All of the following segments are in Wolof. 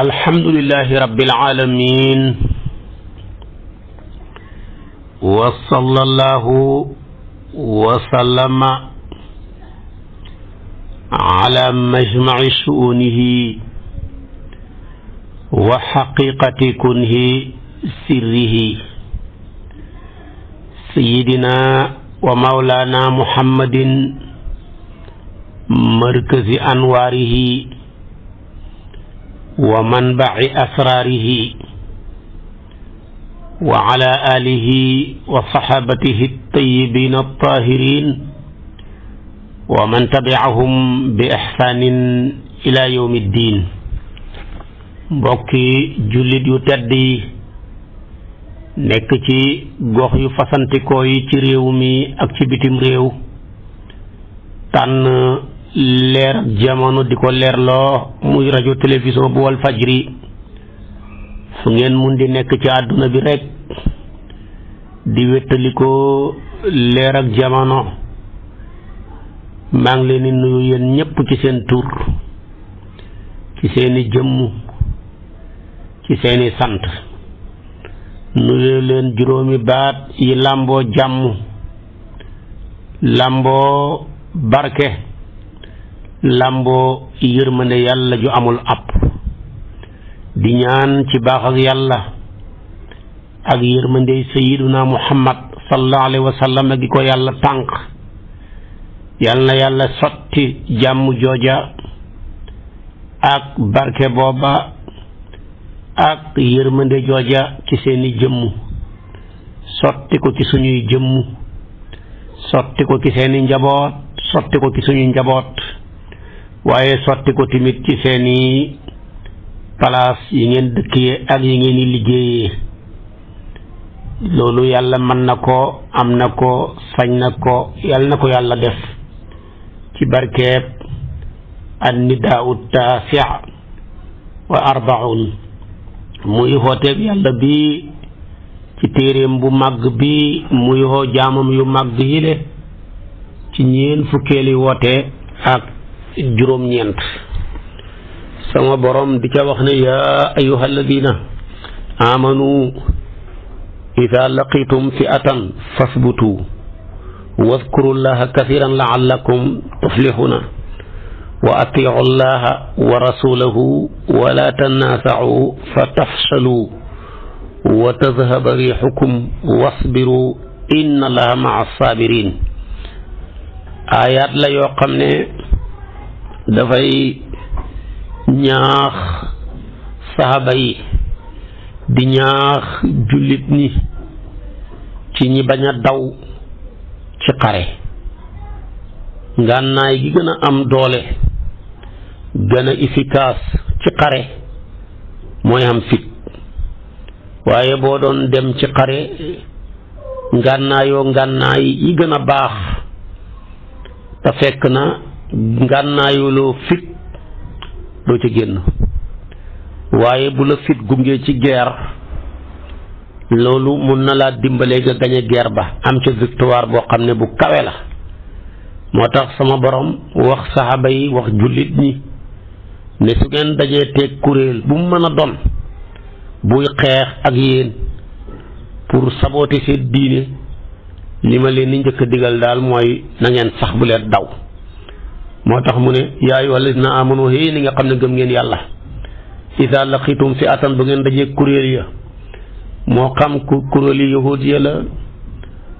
alhamdulillahi rabbil aalamiin wa sallallahu wa sallama ala majmaci shu'unihi wa xaqiqati kunhi sirrihi sayyidina wa mawlaana muhammadin markazi anwaarihi wa manbaci asraarihi wa ala alihi wa saxaabatihi altayibiin altahirin wa man tabicahum bi ixsaanin ila yowmi ddin mbokki jullit yu tedd yi nekk ci gox yu fasantikoo yi ci réew mi ak ci bitim réew tànn leer jamono di ko leerloo muy rajo télévision bu wal fajri fu ngeen mun di nekk ci àdduna bi rekk di wéttalikoo leer ak jamono maa ngi leen di nuyu yéen ñépp ci seen tur ci seeni jëmm ci seeni sant nuyu leen juróomi baat yi làmboo jàmm làmboo barke làmboo yërmande yàlla ju amul àpp di ñaan ci baax ak yàlla ak yërmandey sayiduna muhammad sallallahu alayhi wa gi ko yàlla tànk yal na yàlla sotti jàmm jooja ak barke booba ak yërmande jooja ci seeni jëmm sotti ko ci suñuy jëmm sotti ko ci seeni njaboot sotti ko ci suñuy njaboot waaye sotti ko tamit ci seeni palaas yi ngeen dëkkee ak yi ngeen liggéeyee loolu yàlla mën na ko am na ko sañ na ko yàlla na ko yàlla def ci barkeeb an nidaau taasi wa arbaun muy xooteeb yàlla bi ci téeréem bu màgg bi muy xoo jaamam yu màgg yi le ci ñeen fukkeeli woote ak juróom-ñeent sama borom di ca wax ne yaa ayuha alladina amanu ida laqitum fi'atan fasbutu wadkuru llaha kathiran laallakum tuflihuna wa atiu llaha wa rasulahu wala tanaasau fa tafshalu wa tadhhaba riixukum wasbiru inna allaha maa sabirin ayaat la yoo xam ne dafay ñaax saxaaba yi di ñaax jullit ni ci ñi bañ a daw ci xare ngànnaay gi gën a am doole gën a efficace ci xare mooy am fit waaye boo doon dem ci xare ngànnaayoo ngànnaay yi gën a baax te fekk na ngànnaayuloo fit doo ca génn waaye bu la fit gungee ci geer loolu mun na laa dimbalee nga gañe guerre ba am ca victoire boo xam ne bu kawee la moo tax sama boroom wax saxaaba yi wax jullit ñi ne su ngeen dajee te kuréel bu mu mën a doon buy xeex ak yéen pour saboter seen diine li ma leen di njëkk digal daal mooy na ngeen sax bu leen daw moo tax mu ne yaa ayyuhal na aamanu hee ni nga xam ne gëm ngeen yàlla idaa laqitum fi'atan bu ngeen dajee kuréel ya moo xam ku kuréelu yahuud ya la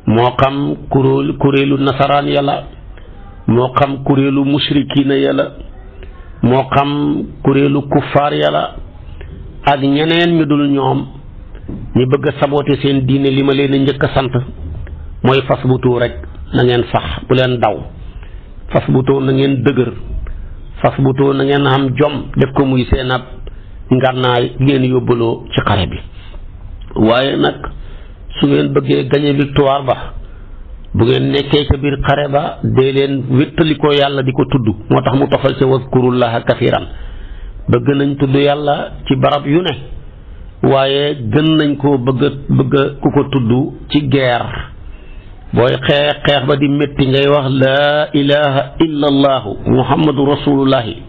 moo xam kuréel kuréelu nasaraan ya la moo xam kuréelu mushrikiina ya la moo xam kuréelu kuffaar ya la ak ñeneen ñu dul ñoom ñu bëgg a saboote seen diine li ma leen njëkk a sant mooy fas bu tuur rek na ngeen sax bu leen daw fas bu too na ngeen dëgër fas bu too na ngeen am jom def ko muy seen ab ngànnaay ngeen yóbbaloo ci xare bi waaye nag su ngeen bëggee gañe victoire ba bu ngeen nekkee ca biir xare ba dee leen wéttali yàlla di ko tudd moo tax mu tofal ca waskurullaha kafiran bëgg nañ tudd yàlla ci barab yu ne waaye gën nañ koo bëgg bëgg ku ko tudd ci guerre booy xeex xeex ba di metti ngay wax laa ilaha illa allahu muhammadu rasulullahi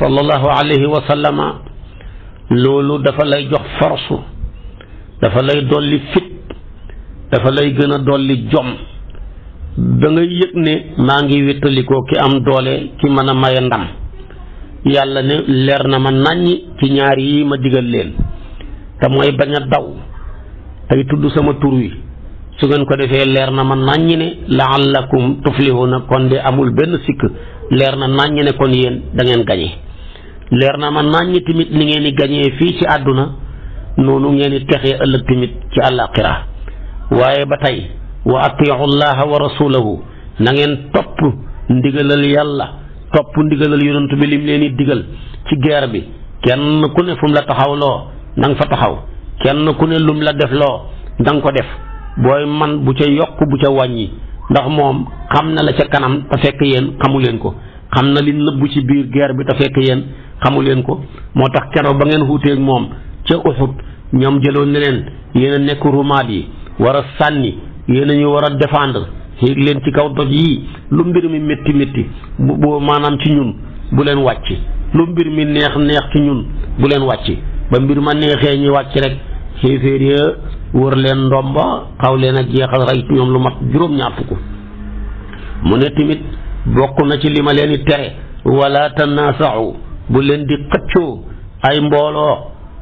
sallallahu alayhi wa loolu dafa lay jox force dafa lay dolli fit dafa lay gën a dolli jom da ngay yëg ne maa ngi wéttalikoo ki am doole ki mën a may ndam yàlla ne leer na ma nàññi ci ñaar yi ma digal leen te mooy bañ a daw tey tudd sama tur wi su ngeen ko defee leer na ma nàññi ne laallakum na kon de amul benn sikk leer na nàññi ne kon yéen da gañe leer na ma nàññi tamit ni ngeen di gañee fii ci àdduna noonu ngeen di texee ëllëg tamit ci àllaaxira waaye ba tey wa atiicu llaha wa rasulahu na ngeen topp ndigalal yàlla topp ndigalal yonent bi lim leen di digal ci guerre bi kenn ku ne fu la taxaw loo nga fa taxaw kenn ku ne lum la def loo nga ko def booy man bu ca yokk bu ca wàññi ndax moom xam na la ca kanam te fekk yéen xamu leen ko xam na li nëbbu ci biir guerre bi te fekk yéen xamu leen ko moo tax keroog ba ngeen xuuteeg moom ca Uhud ñoom jëloon ne leen yéen nekk rumaat yi war a sànni yéen a ñu war a défendre leen ci kaw doj yii lu mbir mi métti métti bu bu maanaam ci ñun bu leen wàcc lu mbir mi neex neex ci ñun bu leen wàcc ba mbir ma neexee ñi wàcc rek xéeféer ya wër leen ndomba xaw leen a jeexal rey ñoom lu mat juróom-ñaar fukk mu ne tamit bokk na ci li ma leen di tere wala tanaasaxu bu leen di xëccoo ay mbooloo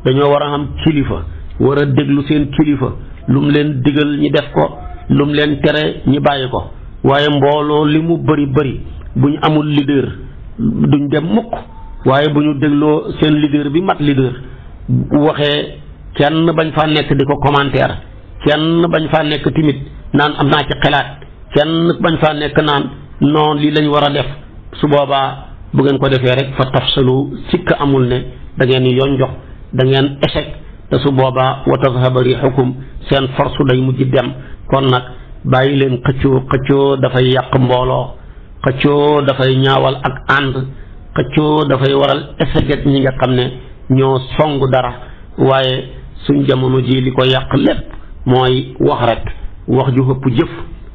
dañoo war a am kilifa war a déglu seen kilifa lu mu leen digal ñi def ko lu mu leen tere ñi bàyyi ko waaye mbooloo li mu bari bari bu ñu amul leader duñ dem mukk waaye bu ñu dégloo seen leader bi mat leader waxee kenn bañ faa nekk di ko commentaire kenn bañ faa nekk timit naan am naa ci xalaat kenn bañ faa nekk naan non lii lañ war a def su boobaa bu ngeen ko defee rek fa tafsalu sikk amul ne da ngeen yonjox da ngeen échec te su boobaa wa tadhaba rixukum seen force day mujj dem kon nag bàyyi leen xëccoo xëccoo dafay yàq mbooloo xëccoo dafay ñaawal ak ànd xëccoo dafay waral échec ñi nga xam ne ñoo song dara waaye suñ jamono jii li ko yàq lépp mooy wax rek wax ju ëpp jëf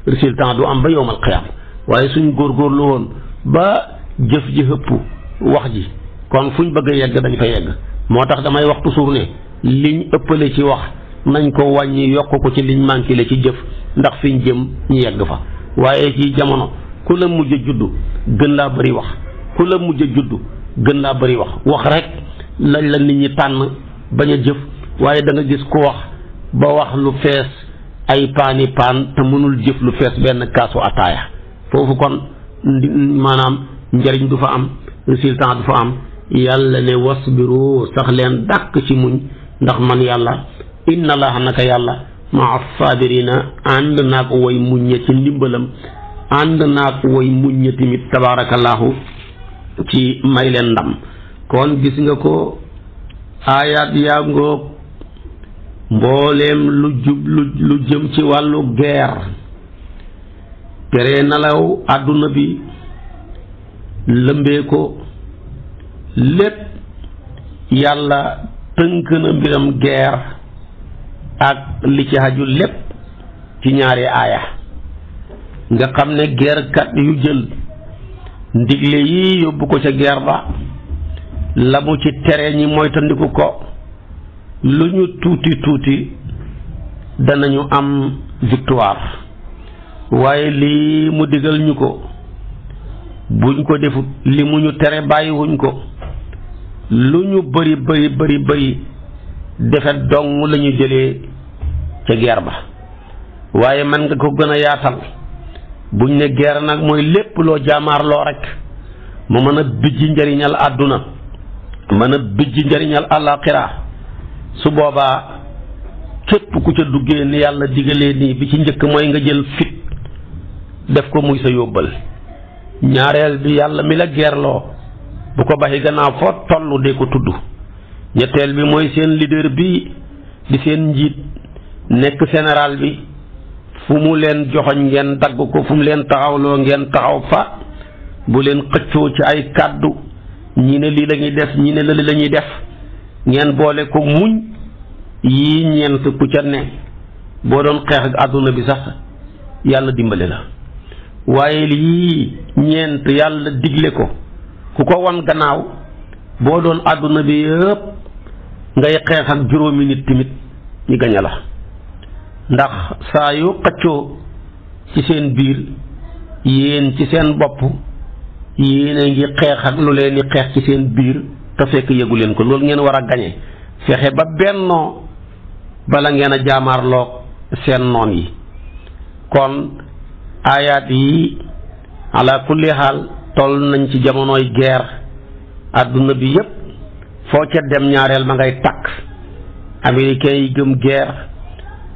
résultat du am ba yowmal xiyaam waaye suñ góorgóorlu woon ba jëf ji ëpp wax ji kon fuñ bëgg a yegg dañ fa yegg moo tax damay wax toujours ne liñ ëppale ci wax nañ ko wàññi yokk ko ci liñ manqué la ci jëf ndax ñu jëm ñu yegg fa waaye ci jamono ku la mujj a judd gën laa bëri wax ku la mujj a judd gën laa bëri wax wax rek lañ la nit ñi tànn bañ a jëf waaye da nga gis ko wax ba wax lu fees ay paani paan te mënul jëf lu fees benn kaasu ataaya foofu kon maanaam njariñ du fa am résultat du fa am yàlla ne wasbiru sax leen dàq ci muñ ndax man yàlla inna laaha naka yàlla maa saabirina ànd naa ko woy ña ci ndimbalam ànd naag way muñ ña tamit tabaarakallaahu ci may leen ndam kon gis nga ko aayaat yaa ngoog mbooleem lu jub lu jëm ci wàllu guerre tere nelaw àdduna bi lëmbee ko lépp yàlla tënk na mbiram geer ak li ci haju lépp ci ñaari aaya nga xam ne geerkat yu jël ndigle yi yóbbu ko ca guerre ba lamu ci tere ñi moytandiku ko lu ñu tuuti tuuti danañu am victoire waaye lii mu digal ñu ko buñ ko defut li mu ñu tere bàyyiwuñ ko lu ñu bari bëri bëri bëri defet dong la ñu jëlee ca guerre ba waaye man nga ko gën a yaatal buñ ne guerre nag mooy lépp loo jaamaar loo rek mu mën a bijji njariñal àdduna mën a bijji njariñal àllaaxira su boobaa képp ku ca duggee ni yàlla digale nii bi ci njëkk mooy nga jël fit def ko muy sa yóbbal ñaareel bi yàlla mi la gerloo bu ko baxi gannaaw foo toll de ko tudd ñetteel bi mooy seen leader bi di seen njiit nekk général bi fu mu leen joxoñ ngeen dagg ko fu mu leen taxawloo ngeen taxaw fa bu leen xëccoo ci ay kàddu ñi ne lii la ñuy def ñi ne la li la def ngeen boole ko muñ yii ñeent ku ca ne boo doon xeex ak àdduna bi sax yàlla dimbali la waaye lii ñeent yàlla digle ko ku ko won gannaaw boo doon àdduna bi yëpp ngay xeex ak juróomi nit tamit ñu gañe la ndax saa yu xëccoo ci seen biir yéen ci seen bopp yéen a ngi xeex ak lu leen xeex ci seen biir te fekk yëgu leen ko loolu ngeen war a gañe fexe ba bennoo bala ngeen a jaamaarloog seen noon yi kon aayaat yi ala kulli xaal toll nañ ci jamonooy guerre àdduna bi yépp foo ca dem ñaareel ma ngay takk américains yi gëm guerre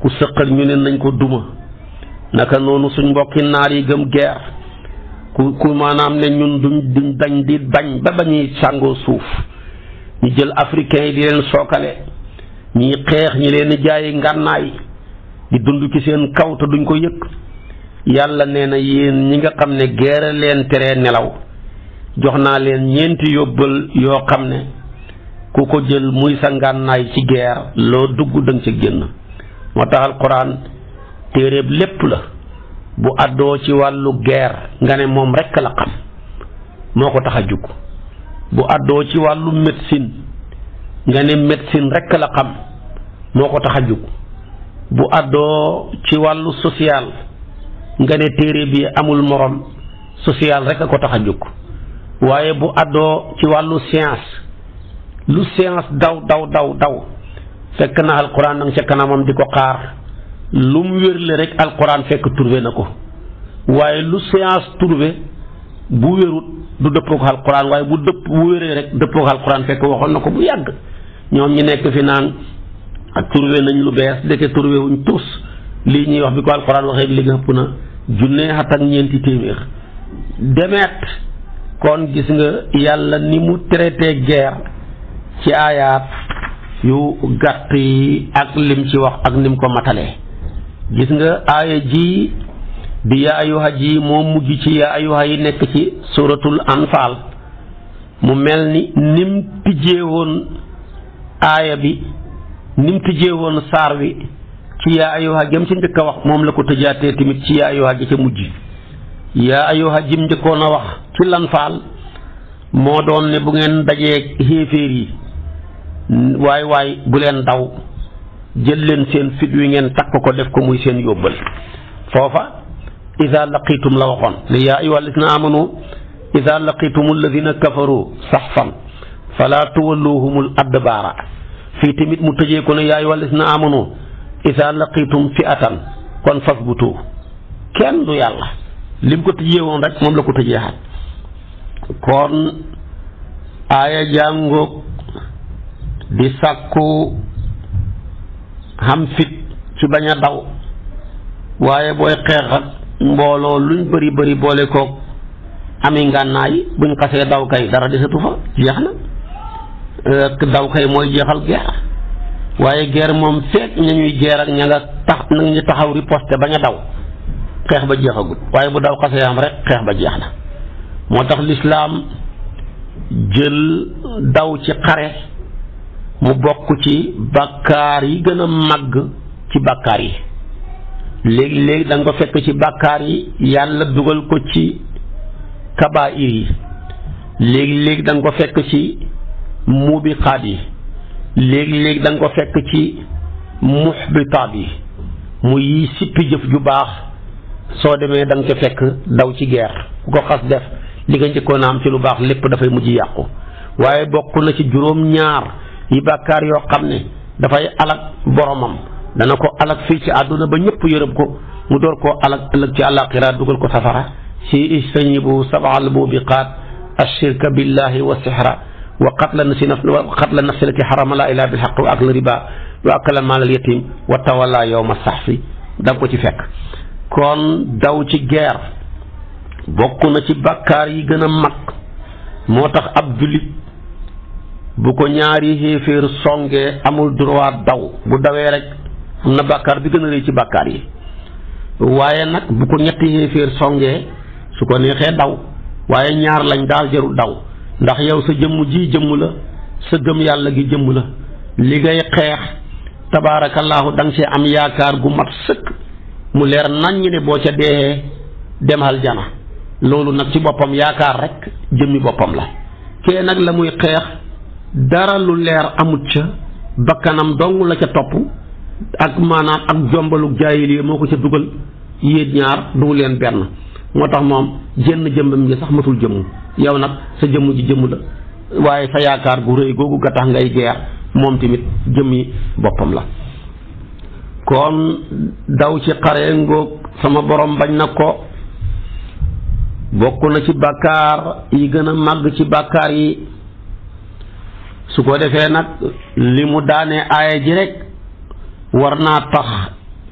ku sëqal ñu ne nañ ko duma naka noonu suñ mbokki naar yi gëm guerre ku ku maanaam ne ñun duñ duñ dañ di bañ ba ba sàngoo suuf ñu jël africain yi di leen sookale ñuy xeex ñi leen jaayi ngànnaay di dund ci seen kaw te duñ ko yëg yàlla nee na yéen ñi nga xam ne geere leen tere nelaw jox naa leen ñeenti yóbbal yoo xam ne ku ko jël muy sa ngànnaay ci geer loo dugg dañ ca génn moo tax alxuraan téereeb lépp la bu àddoo ci wàllu guerre nga ne moom rekk la xam moo ko tax a jug bu àddoo ci wàllu médecine nga ne médecine rekk la xam moo ko tax a jug bu àddoo ci wàllu social nga ne téere bi amul morom social rekk a ko tax a jug waaye bu àddoo ci wàllu science lu science daw daw daw daw fekk na alquran nag ca kanamam di ko xaar lu mu wérle rek alquran fekk trouvé na ko waaye lu science trouvé bu wérut du dëppoo ko alquran waaye bu dëpp bu wéree rek dëppoo ko alquran fekk waxoon na ko bu yàgg ñoom ñu nekk fi naan ak trouvé nañ lu bees dëkk trouvé wuñ tus lii ñuy wax bi ko alquran waxee li nga ëpp na junne at ak ñeenti téeméer demeet kon gis nga yàlla ni mu traité guerre ci aayaat yu gàtt yi ak lim ci wax ak nim ko matalee gis nga aaya ji di yaa ayuha ji moo mujj ci yaa ayuha yi nekk ci suratul anfaal mu mel ni nim tijjee aaya bi nim tijjee woon saar wi ci yaa ayuha gém ci njëkk a wax moom la ko tëjaatee tamit ci yaa ayuha ca mujj yaa ayuha jim njëkkoon a wax ci lanfaal moo doon ne bu ngeen dajee xéeféer yi waay waay bu leen daw jël leen seen fit wi ngeen takk ko def ko muy seen yóbbal foofa ida laqitum la waxoon li yaa ayuha alladina amanu ida laqitum alladina kafaru saxfan fii tamit mu tëjee na ne yaa ayuha alladina amanu ida laqitum fi'atan kon fasbutu kenn du yàlla lim ko tëjee woon rek moom la ko tëjee xaat kon aaya jàngoog di sàkku xam fit ci bañ a daw waaye booy xeex ak mbooloo luñ bëri bari boole koog ami ngànnaay buñ xasee daw kay dara desatu fa jeex na euh, daw kay mooy jeexal guerre waaye ger moom feeg ñu ñuy guerre ak ña nga tax na ñu taxaw riposte bañ a daw xeex ba jeexagut waaye bu daw xasee am rek xeex ba jeex na moo tax lislaam jël daw ci xare mu bokk ci bàkkaar yi gën a màgg ci bàkkaar yi léegi-léegi danga ko fekk ci bàkkaar yi yàlla dugal ko ci kabaa'ir yi léegi-léegi danga ko fekk ci mubiqaat yi léegi-léegi da ko fekk ci muxbitaat yi muy yi sippi jëf ju baax soo demee da nga ko fekk daw ci geer ku ko xas def li nga njëkkoon a am ci lu baax lépp dafay mujj yàqu waaye bokk na ci juróom ñaar yi bàkkaar yoo xam ne dafay alak boromam dana ko alak fii ci àdduna ba ñëpp yërëm ko mu door koo alak ëllëg ci àllaaxira dugal ko safara si istanibu sabal mubiqaat ashirka billahi wa sihra wa qatla nafsi wa qatla nafsi lati xarama laa ilaa bilxaq wa akla riba wa akla maalal yatim wa tawalla yowma saxfi da nga ko ci fekk kon daw ci guerre bokk na ci bàkkaar yi gën a mag moo tax ab jullit bu ko ñaari xéeféer songee amul droit daw bu dawee rek am na bàkkaar bi gën a rëy ci bàkkaar yi waaye nag bu ko ñetti xéeféer songee su ko neexee daw waaye ñaar lañ daal jarul daw ndax yow sa jëmm ji jëmm la sa gëm yàlla gi jëmm la li ngay xeex tabaarakallaahu da nga see am yaakaar gu mat sëkk mu leer naññ ne boo ca dee dem aljana loolu nag ci boppam yaakaar rek jëmmi boppam la kee nag la muy xeex dara lu leer amut ca bakkanam dong la ca topp ak maanaam ak jombalu jaayil yi moo ko ca dugal yéen ñaar du leen benn moo tax moom jënn jëmmam ji sax matul jëmm yow nag sa jëmm ji jëmm la waaye sa yaakaar gu rëy googu ga tax ngay geer moom tamit yi boppam la kon daw ci xare ngoog sama borom bañ na ko bokk na ci bàkkaar yi gën a màgg ci bàkkaar yi su ko defee nag li mu daanee aaya ji rek war naa tax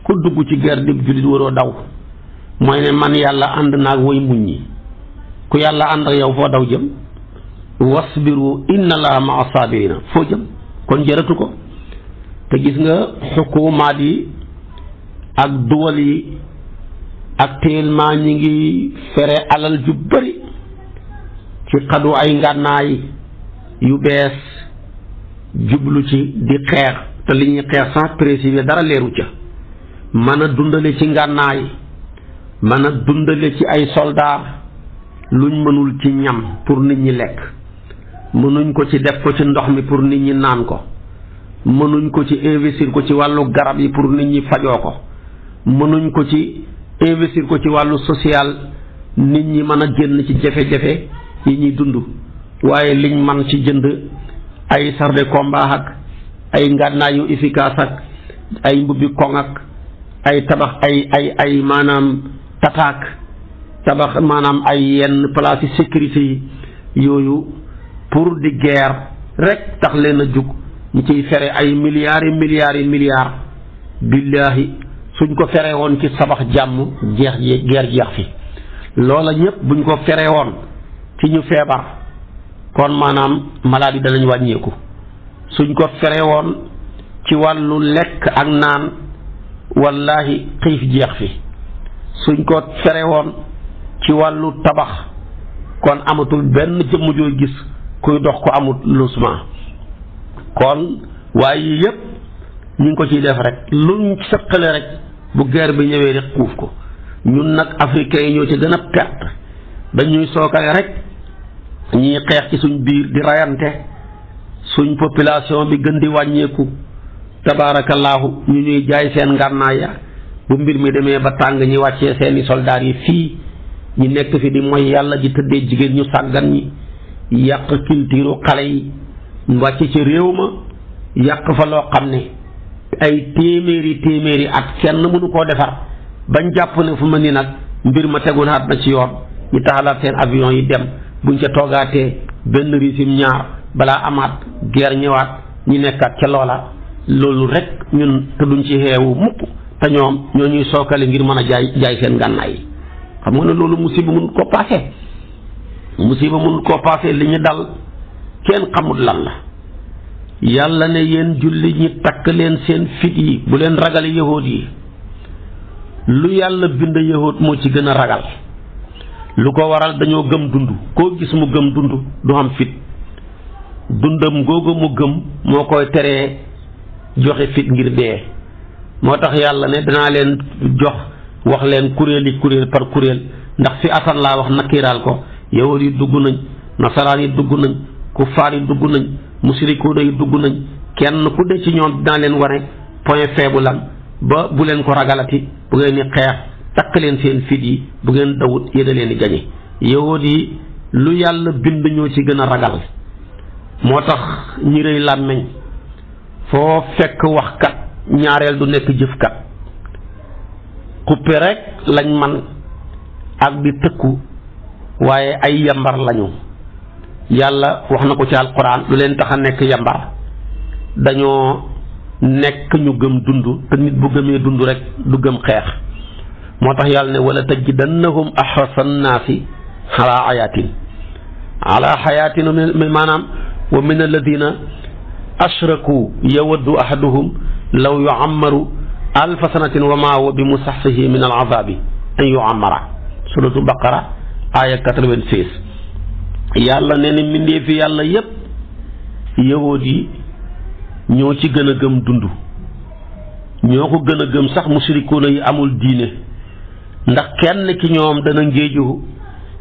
ku dugg ci ger di waroo daw mooy ne man yàlla ànd naag way muñ ñi ku yàlla ànd ak yow foo daw jëm wasbiru inna laa maa saabirina foo jëm kon jëratu ko te gis nga xukumaat yi ak duwal yi actuellement ñi ngi fere alal ju bari ci xadu ay ngànnaay yu bees jublu ci di xeex te li ñuy xeex sans préciser dara leeru ca mën a dundale ci ngànnaay mën a dundale ci ay soldat luñ mënul ci ñam pour nit ñi lekk mënuñ ko ci def ko ci ndox mi pour nit ñi naan ko mënuñ ko ci investir ko ci wàllu garab yi pour nit ñi fajoo ko mënuñ ko ci investir ko ci wàllu social nit ñi mën a génn ci jafe-jafe yi ñuy dund waaye liñ man ci jënd ay char de combat ak ay ngànnaayu yu ak ay mbubbi koŋ ak ay tabax ay ay ay maanaam tataak tabax maanaam ay yenn place yi sécurité yi yooyu pour di guerre rek tax leen a jug ñu ciy fere ay milliards yi milliards yi milliards billaahi suñ ko fere woon ci sabax jàmm jeex jeex jeex fi loola ñépp buñ ko fere woon ci ñu feebar kon maanaam maladie danañ wàññeeku suñ ko fere woon ci wàllu lekk ak naan wallaahi xiif jeex fi suñ ko fere woon ci wàllu tabax kon amatul benn jëmm jooy gis kuy dox ko amut lusement kon waaye yépp ñu ngi ko ciy def rek luñ sëqale rek bu guerre bi ñëwee rek xuuf ko ñun nag africains yi ñoo ci gën a perte dañuy sookale rek ñuy xeex ci suñ biir di rayante suñ population bi gën di wàññeeku tabaarakallaahu ñu ñuy jaay seen ngànnaaya bu mbir mi demee ba tàng ñi wàccee seeni soldaar yi fii ñi nekk fi di mooy yàlla di tëddee jigéen ñu sàggan ñi yàq culture xale yi wàcc ci réew ma yàq fa loo xam ne ay téeméeri téeméeri at kenn mënu koo defar bañ jàpp ne fu ma ni nag mbir ma tegu naat na ci yoon ñu taxalaat seen avion yi dem buñ ca toogaatee benn risim ñaar balaa amaat geer ñëwaat ñu nekkaat ca loola loolu rekk ñun te ci xeewu mukk te ñoo ñuy sookale ngir mën a jaay jaay seen ngànnaay yi xam nga ne loolu musiba mun koo paase musiba mun koo paase li ñu dal kenn xamul lan la yàlla ne yéen julli ñi takk leen seen fit yi bu leen ragal yahoot yi lu yàlla bind yahoot moo ci gën a ragal lu ko waral dañoo gëm dund koo gis mu gëm dund du am fit dundam googu mu gëm moo koy teree joxe fit ngir dee moo tax yàlla ne danaa leen jox wax leen kuréel kuréel par kuréel ndax fi asan laa wax nakkiiraal ko yawut yi dugg nañ nasaraan yi dugg nañ kuffaar yi dugg nañ musrikuuna yi dugg nañ kenn ku de ci ñoom dinaa leen wane point faible am ba bu leen ko ragalati bu ngeen ni xeex takk leen seen fit yi bu ngeen dawut yéen a leen di gañe yahuud yi lu yàlla bind ñoo ci gën a ragal moo tax ñi rëy làmmiñ foo fekk waxkat ñaareel du nekk jëfkat xuppe rekk lañ man ak di tëkku waaye ay yambar lañu yàlla wax na ko ci alxuraan lu leen tax a nekk yambar dañoo nekk ñu gëm dund te nit bu gëmee dund rekk du gëm xeex moo tax yàlla ne wala tajidannahum axrasa nnaasi ala xayaatin ala xayaatin maanaam wa min alladina ashraku yawaddu ahaduhum law yuammaru alfa sanatin wa maa huwa bi musaxsihi min alazabi an yuammara suratu baqara aya 96 yàlla nee na mbindee fi yàlla yépp yahood yi ñoo ci gën a gëm dund ñoo ko gën a gëm sax musrikuuna yi amul diine ndax kenn ki ñoom dana ngéeju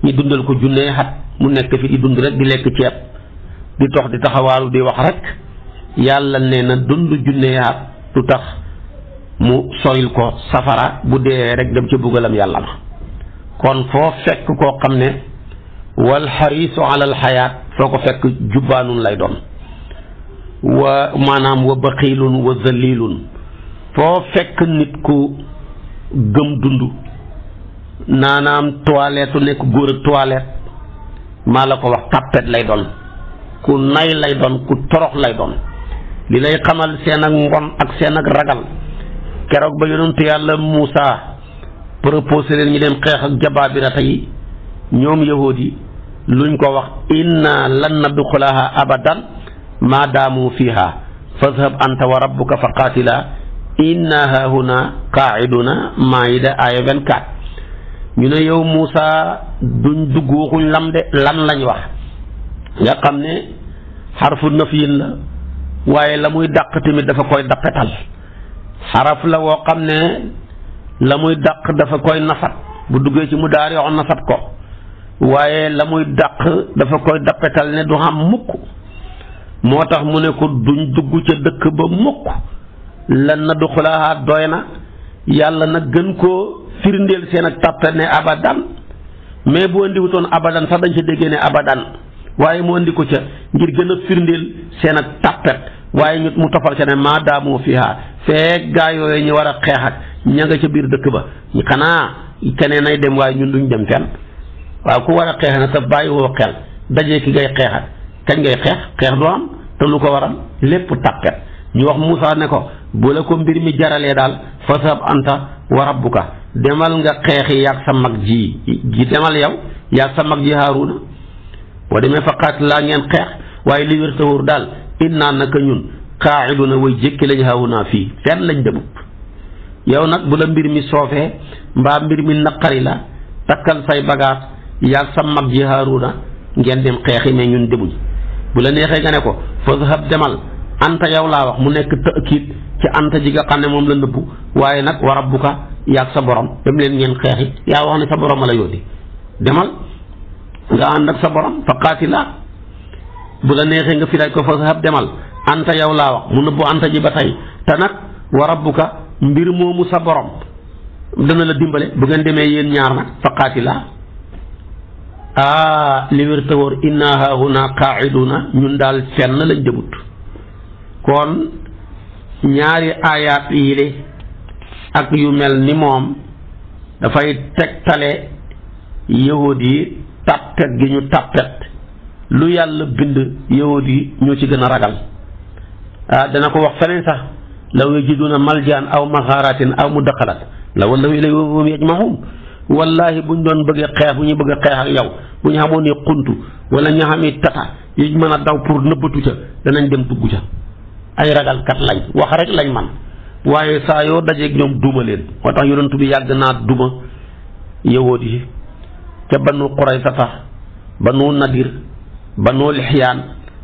ñu dundal ko junnee xat mu nekk fi di dund rek di lekk ceeb di tox di taxawaalu di wax rek yàlla nee na dund junnee xat du tax mu soril ko safara bu dee rek dem ca buggalam yàlla ma kon foo fekk koo xam ne wal xariisu alal xayaat foo ko fekk jubbaanun lay doon wa maanaam wa baxiilun wa zalilun foo fekk nit ku gëm dund naanaam toilette tu nekk góor ak maa la ko wax tàppet lay doon ku nay lay doon ku torox lay doon li lay xamal seen ak mbon ak seen ak ragal keroog ba yonentu yàlla Muusa proposé leen ñi dem xeex ak jabaabirata yi ñoom yahuud yi luñ ko wax inna lan nadxulaha abadan maa daamu fiiha fadhab anta wa rabbuka fa qaatila inna haahuna qaaiduna maayida aaya 24 ñu ne yow Moussa duñ dugg waxuñ lam de lan lañ wax nga xam ne xarfu nafyin la waaye la muy dàq tamit dafa koy dappetal xaraf la woo xam ne la muy dàq dafa koy nasab bu duggee ci mu daari yoon nasab ko waaye la muy dàq dafa koy dappetal ne du xam mukk moo tax mu ne ko duñ dugg ca dëkk ba mukk lan na du xulaaxaa doy na yàlla na gën koo firndeel seen ak tàppet ne abadan mais bu indiwutoon abadan sax dañ sa déggee ne abadan waaye mu indi ca ngir gën a firndeel seen ak tàppet waaye ñu mu tofal ca ne maadaamu fiha feek gaa yooyu ñu war a xeex ña nga ca biir dëkk ba ñu xanaa keneen ay dem waaye ñun duñ dem fenn waaw ku war a xeex na te bàyyi woo xel dajee ki ngay xeex ak kañ ngay xeex xeex du am te lu ko waral lépp tàppet ñu wax Moussa ne ko bu la ko mbir mi jaralee daal fasab anta wa demal nga xeexi yaag sa mag ji ji demal yow yaag sa mag ji Haaruna boo demee fa laa ngeen xeex waaye li wér tawóor daal innaa naka ñun qaaiduna way jékki lañ Haaruna fii fenn lañ demut yow nag bu la mbir mi soofee mbaa mbir mi naqari la takkal say bagaas yaag sa mag ji Haaruna ngeen dem xeexi mais ñun demuñ bu la neexee nga ne ko fazhab demal anta yow laa wax mu nekk tëkkiit ci anta ji nga xam ne moom la nëbbu waaye nag wa rabbuka yaag sa borom dem leen ngeen xeexi yaa wax ne sa borom a la yónni demal nga ànd ak sa borom fa qaatila bu la neexee nga firaaj ko fa sahab demal anta yow laa wax mu nëbbu anta ji ba tey te nag wa rabbuka mbir moomu sa borom dana la dimbale bu ngeen demee yéen ñaar nag fa qaatila aa li wér te wóor inna ñun daal fenn lañ jëmut kon ñaari aayaat yi ak yu mel ni moom dafay tegtale yahud yi tàppet gi ñu tàppet lu yàlla bind yahud yi ñoo ci gën a ragal ah dana ko wax feneen sax law na maljaan aw maxaaratin aw mudaqalat la wallaw ilayhi hum yajmahun wallaahi bu ñu doon bëggee xeex bu ñu bëgg a xeex ak yow bu ñu xamoon ne xunt walla ñu xamee tata yi mën a daw pour nëbbatu ca danañ dem dugg ca ay ragalkat lañ wax rek lañ man waaye saa yoo dajeeg ñoom duma leen moo tax yonent bi yàgg naa duma yahuud yi ca banu Qurayzata banu Nadir banu Lixyaan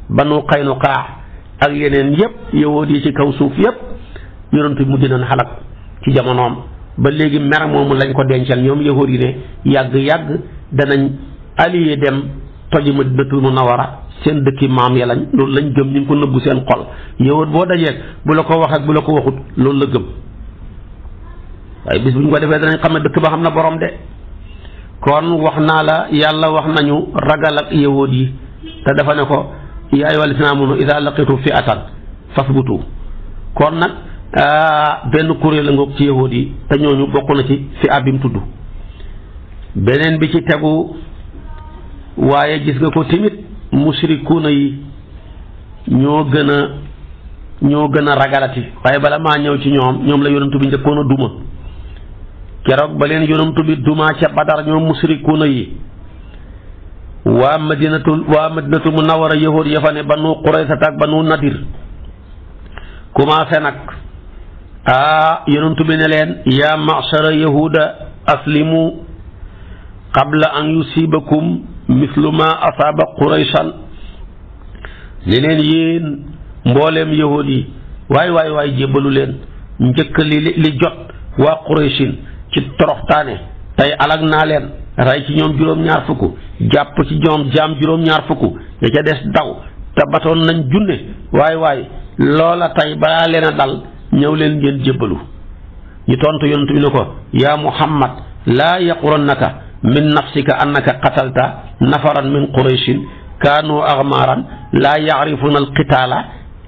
banu Qaynuqaa ak yeneen yépp yahuud yi ci kaw suuf yépp yonent bi mu dinañ xalak ci jamonoom ba léegi mer moomu lañ ko dencal ñoom yahuud yi ne yàgg-yàgg danañ allié dem toji na wara seen dëkki maam ya lañ loolu lañu gëm ñu ngi ko nëbbu seen xol yow boo dajeeg bu la ko wax ak bu la ko waxut loolu la gëm waaye bis bu ñu ko defee danañ xam ne dëkk ba xam na borom de kon wax naa la yàlla wax nañu ragal ak yawóot yi te dafa ne ko yaa ayyuhal lazina aamanu idaa laqitum bu fasbutu kon nag benn kuréel la ngoog ci yawóot yi te ñoo ñu bokk na ci fi ab bi mu tudd beneen bi ci tegu waaye gis nga ko tamit musrikuuna yi ñoo gën a ñoo gën a ragalati waaye bala maa ñëw ci ñoom ñoom la yonantu bi njëkkoon a duma keroog ba leen yonantu bi duma ca badar ñoom musrikuuna yi waa madinatul waa madinatul munawwara yahuud ya fa ne banu quraysat ba banu nadir commencé nag ah yonantu bi ne leen yaa ma'shara yahuuda aslimu qabla an yusibakum mislu ma asaaba quraysan ne leen yéen mbooleem yahood yi waay waay waay jébbalu leen njëkk li li jot waa quraysin ci toroxtaane tey alag naa leen rey ci ñoom juróom-ñaar fukk jàpp ci ñoom jaam juróom-ñaar fukk ya ca des daw tabatoon nañ junne waay waay loola tey balaa leen a dal ñëw leen ngeen jébbalu ñu tontu yonent bi ne ko yaa muhammad laa yaquran naka min nafsika annaka qatalta nafaran min qurayshin kaanu axmaaran laa yacrifuuna alqitaala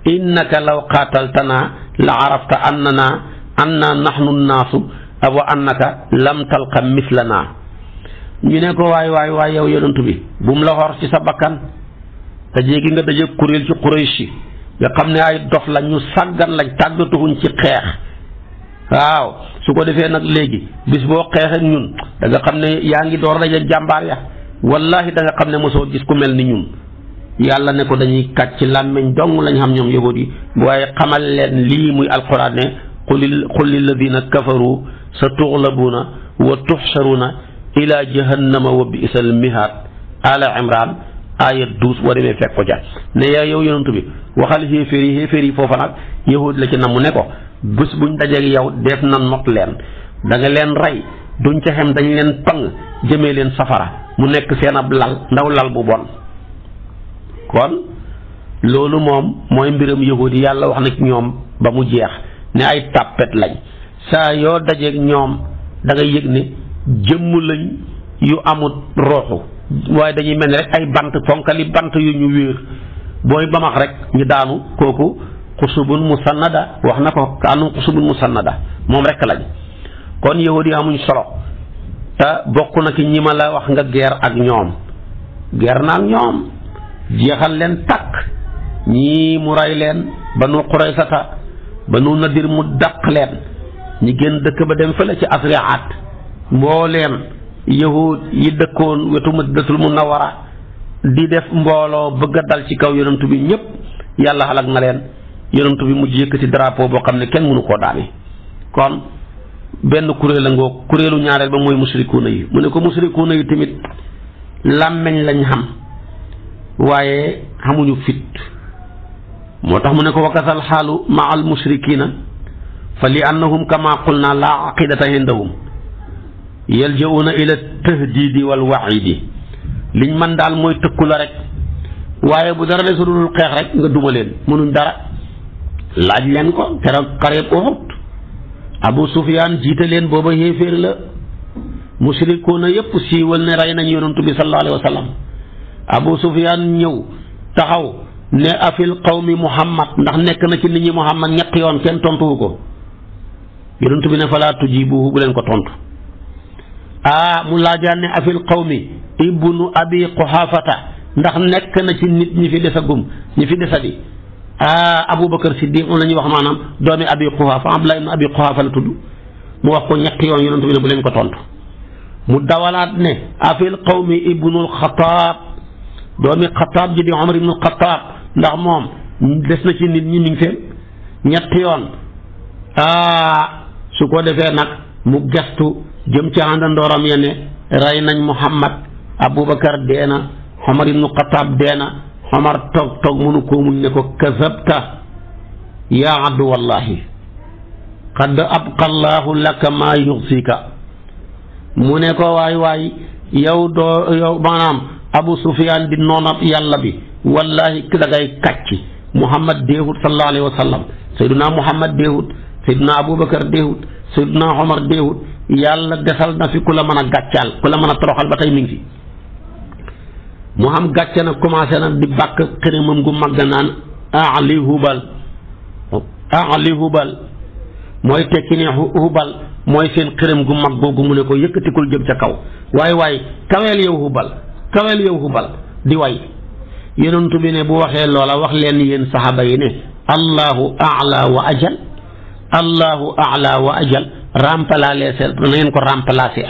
innaka law qaataltanaa la carafta annanaa annaa naxnu nnaasu wa annaka lam talqa mislanaa ñu ne ko waay waay waay yow yonent bi bu mu la xor ci sa bakkan te jéegi nga daje kuréel ci Quraysh yi nga xam ne ay dof la ñu sàggan lañ tàggatuwuñ ci xeex waaw su ko defee nag léegi bis boo xeexee ak ñun da nga xam ne yaa ngi door daje jàmbaar ya wallaahi da nga xam ne mosoo gis ku mel ni ñun yàlla ne ko dañuy kàcc làmmiñ dong lañ xam ñoom yahuud yi waaye xamal leen lii muy alquran ne qul qul lilladina kafaru sa tuxlabuuna wa tuxsaruuna ila jahannama wa bi'sal mihaad ala imran aaya douze boo demee fekk ko ca ne yaa yow yonantu bi waxal xéeféer yi xéeféer yi foofa nag yahud la ci namu ne ko bés buñ dajeeg yow def na not leen da leen rey duñ ca xem dañ leen pang jëmee leen safara mu nekk seen ab lal ndaw lal bu bon kon loolu moom mooy mbiram yahud yi yàlla wax nag ñoom ba mu jeex ne ay tàppet lañ saa yoo dajeeg ñoom da nga yëg ne jëmm lañ yu amut roxu waaye dañuy mel ni rek ay bant ponkali bant yu ñu wéer booy bamax rek ñu daanu kooku xusubun musannada wax na ko kaanu xusubun musannada moom rekk lañ kon yahudi amuñ solo te bokk na ki ñi ma la wax nga guerre ak ñoom guerre na ak ñoom jeexal leen takk ñii mu rey leen ba nu xuraysata ba nu nadir mu daq leen ñi gën dëkk ba dem fële ci asriaat mbooleem yahud yi dëkkoon wetu madinatul munawara di def mbooloo bëgg a dal ci kaw yonantu bi ñëpp yàlla xalak na leen yonantu bi mujj yëkkati drapeau boo xam ne kenn mënu koo daane kon benn kuréel la ngoog kuréelu ñaareel ba mooy musrikuuna yi mu ne ko musrikuuna yi tamit làmmeñ lañ xam waaye xamuñu fit moo tax mu ne ko wakasal xaalu ma al musrikiina fa li annahum kama qul naa laa aqidata indahum yaljauna ila tahdidi wal waidi liñ man daal mooy tëkku la rek waaye bu dara de su xeex rek nga duma leen mënuñ dara laaj leen ko keroog xareeb Uhud Abu Sufyaan jiite leen booba yéeféer la musrikuuna yépp siiwal ne rey nañ yonantu bi sallallahu alayhi wa sallam Abu ñëw taxaw ne afil qawmi Muhammad ndax nekk na ci nit ñi Muhammad ñetti yoon kenn tontuwu ko yonantu bi ne falaa tujiibuhu leen ko tontu ah mu laajaan ne afil qawmi ibnu abi quhafata ndax nekk na ci nit ñi fi desagum ñi fi desadi ah aboubacar siddiq moom la ñuy wax maanaam doomi abi quhafa abdullah ibnu abi quhafa la tudd mu wax ko ñetti yoon yonent bi ne bu leen ko tontu mu dawalaat ne afil qawmi ibnul xataab doomi xataab ji di omar ibnul xataab ndax moom des na ci nit ñi ñu ngi seen ñetti yoon ah su ko defee nag mu gestu jëm ci àndandooram ya ne rey nañ muhammad abubakar dee xomar ibnu xataab dee na xomar toog toog mënu koo muñ ne ko kasabta yaa abdu wallahi xadd abqallaahu laka maa yuxsika mu ne ko waay waay yow doo yow maanaam abu sufiyaan di noonab yàlla bi wallahi da ngay muhammad déewut sallallahu alayhi wa sallam sayduna muhammad déewut sayduna abubakar déewut xomar déewut yàlla desal na fi ku la mën a gàccaal ku la mën a toroxal ba tey mi mu xam gàcce na commencé na di bàkk xërëmam gu mag naan ali hubal ali hubal mooy tekki ne hubal mooy seen xërëm gu mag googu mu ne ko yëkkatikul jëm ca kaw waaye waaye kaweel yow hubal kaweel yow hubal di way yonentu bi ne bu waxee loola wax leen yéen saxaaba yi ne allahu ala wa ajal allahu ala wa ajal remplacer seen na ngeen ko remplacer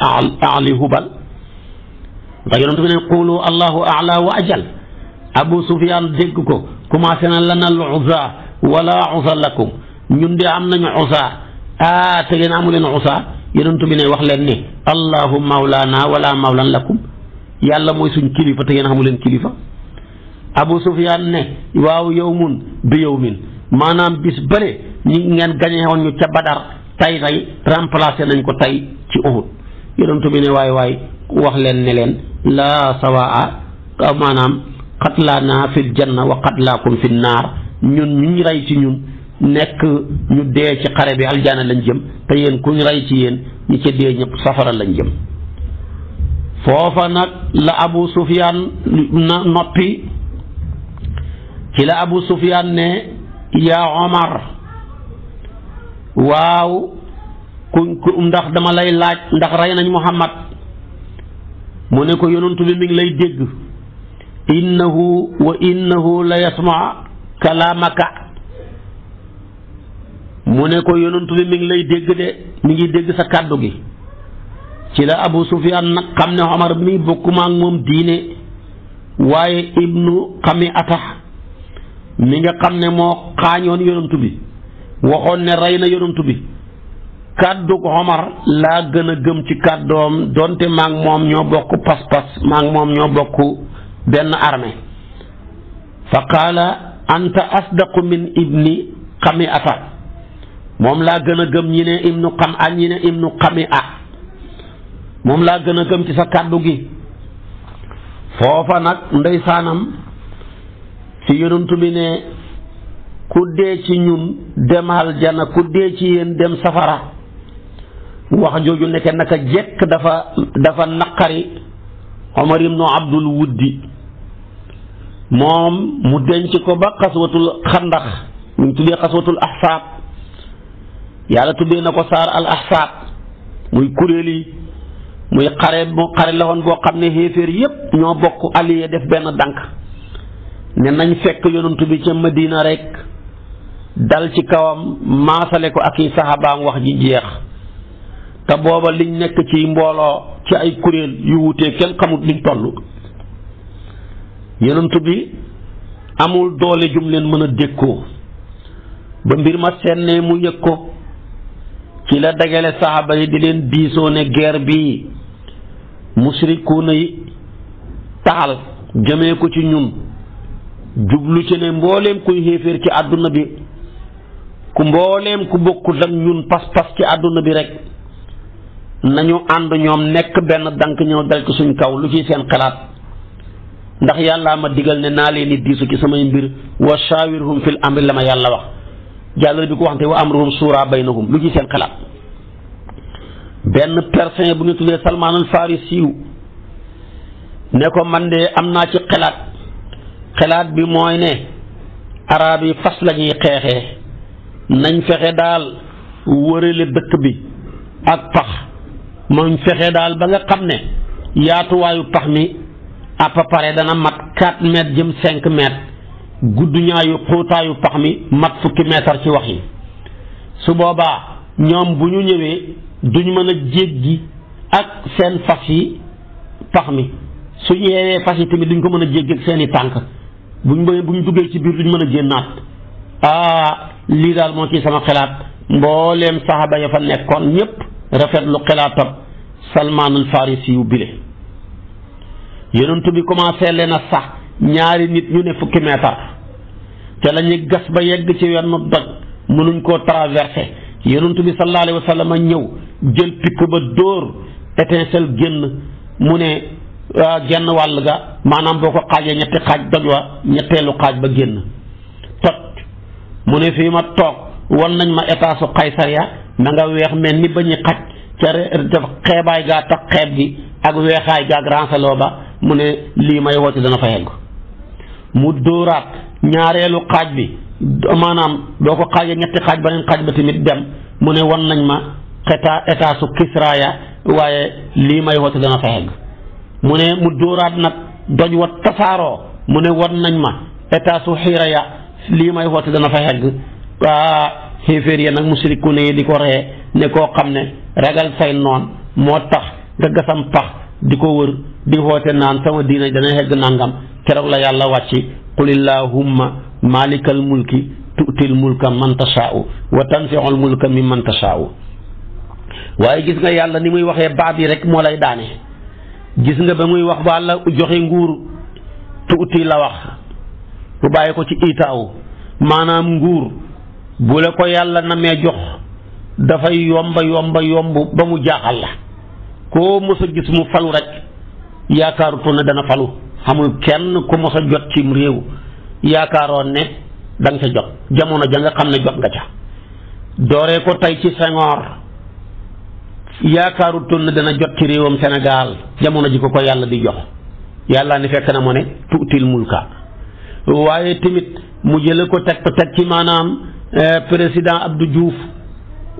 ali hubal ndax yonent bi ne qulu allahu ala wa ajal abu sufyaan dégg ko commencé na lana al usa wala usa lakum ñun de am nañu usa ah te yéen amu leen usa yonent bi ne wax leen ne allahu mawlana wala mawlan lakum yàlla mooy suñ kilifa te yéen amu leen kilifa abu sufyaan ne waaw yawmun bi yawmin maanaam bis bële ñi ngeen gañe woon ca badar tey tay remplacé nañ ko tey ci Uhud yonentu bi ne waay waay wax leen ne leen laa sawaa maanaam xatlaanaa fil janna wa xatlaakum fi naar ñun ñu rey ci ñun nekk ñu dee ci xare bi aljana lañ jëm te yéen kuñ rey ci yéen ñi ca dee ñëpp safara lañ jëm foofa nag la abu sufyaan na noppi ci la abu sufyaan ne yaa omar waaw kuñ ku ndax dama lay laaj ndax rey nañ muhammad mu ne ko yonantu bi mi ngi lay dégg innahu wa innahu la yasmaa kalaamaka mu ne ko yonantu bi mi ngi lay dégg de mi ngi dégg sa kàddu gi ci la abu sufiyaan nag xam ne omar mi bokkuma ak moom diine waaye ibnu xami atax mi nga xam ne moo xaañoon yonantu bi waxoon ne rey na yonantu bi kàddug Omar laa gën a gëm ci kàddoom donte maak moom ñoo bokk pas-pas maak moom ñoo bokk benn armée fa qaala anta asdaqu min ibni xami ata moom laa gën a gëm ñi moom laa gën a gëm ci sa kàddu gi foofa nag ndeysaanam ci yonantu bi ne ku dee ci ñun demal aljana ku dee ci yéen dem safara wax jooju nekk naka jekk dafa dafa naqari Omar ibnu Abdul Wuddi moom mu denc ko ba xaswatul xandax mu ngi tuddee xaswatul ahsaab yàlla tuddee na ko saar al ahsaab muy kuréel yi muy xare mu xare la woon boo xam ne xéeféer yépp ñoo bokk allié def benn dànk ne nañ fekk yonantu bi ca Madina rek dal ci kawam maasale ko ak i saxaabaam wax ji jeex te booba liñ nekk ci mbooloo ci ay kuréel yu wutee kenn xamut liñ toll yonent bi amul doole jum leen mën a dékkoo ba mbir ma ne mu yëg ko ci la degale saxaaba yi di leen diisoo ne guerre bi musrikuuna yi taxal jëmee ko ci ñun jublu ci ne mbooleem kuy xéeféer ci àdduna bi ku mbooleem ku bokkut ak ñun pas-pas ci àdduna bi rek nañu ànd ñoom nekk benn dànk ñëw dal ci suñ kaw lu ci seen xalaat ndax yàllaa ma digal ne naa leen di diisu ci samay mbir wa shaawirhum fil amri la ma yàlla wax jàllale bi ko waxante wa amruhum suuraa baynahum lu ci seen xalaat benn persin bu ñu tuddee Salmaan al Farisiyu ne ko man de am naa ci xalaat xalaat bi mooy ne araab yi fas la ñuy xeexee nañ fexe daal wërale dëkk bi ak pax moom fexe daal ba nga xam ne yaatuwaayu pax mi à peu près dana mat quatre mètres jëm cinq mètres gudduñaayu xóotaayu pax mi mat fukki mètre ci wax yi su boobaa ñoom bu ñu ñëwee duñ mën a jéggi ak seen fas yi pax mi suñ yeewee fas yi tamit duñ ko mën a jéggi ak tànk i tànk bu ñu duggee ci biir duñ mën a génnaat ah lii daal moo ci sama xalaat mbooleem saxaaba ya fa nekkoon ñépp rafet lu Salmaan al Farisi yu bile yonent bi commencé leen a sax ñaari nit ñu ne fukki meetar te la gas ba yegg ci wenn doj mënuñ koo traversé yonent bi sallallahu alayhi wa sallam ñëw jël pikk ba dóor étincelle génn mu ne ah, genn wàll ga maanaam boo ko xaajee ñetti xaaj doj wa ñetteelu xaaj ba génn mu ne fii ma toog wan nañ ma état su Qaysariya na nga weex mel ni ba ñu xaj ca xeebaay gaa tax xeeb gi ak weexaay gaa ak ba mu ne lii may woote dana fa yegg mu dóoraat ñaareelu xaaj bi maanaam boo ko xaajee ñetti xaaj beneen xaaj ba tamit dem mu ne wan nañ ma état état waaye lii may woote dana mu ne mu dóoraat nag doj wa tasaaroo mu ne won nañ ma état su Xiiraya lii may xotti dana fa xegg waa xéeféer ya nag musriku ne di ko ree ne koo xam ne ragal say noon moo tax nga gasam pax di ko wër di xoote naan sama diina dana xegg nangam keroog la yàlla wàcci qul illahumma malikal mulki tu'til mulka man tashaa'u wa tanzi'ul mulka mimman tashaa'u waaye gis nga yàlla ni muy waxee baat yi rek moo lay daane gis nga ba muy wax ba la joxe nguur tuuti la wax mu bàyyi ko ci itaaw maanaam nguur bu la ko yàlla na namee jox dafay yomba yomba yomb ba mu jaaxal la koo mos gis mu falu rek yaakaarutoon ne dana falu xamul kenn ku mos jot cim réew yaakaaroon ne da nga ca jot jamono ja nga xam ne jot nga ca dooree ko tey ci Senghor yaakaarutoon ne dana jot ci réewam Sénégal jamono ji ko ko yàlla di jox yàlla ni fekk na mu ne tuutil mulka waaye tamit mu jële ko teg ko teg ci maanaam eh, président Abdou Diouf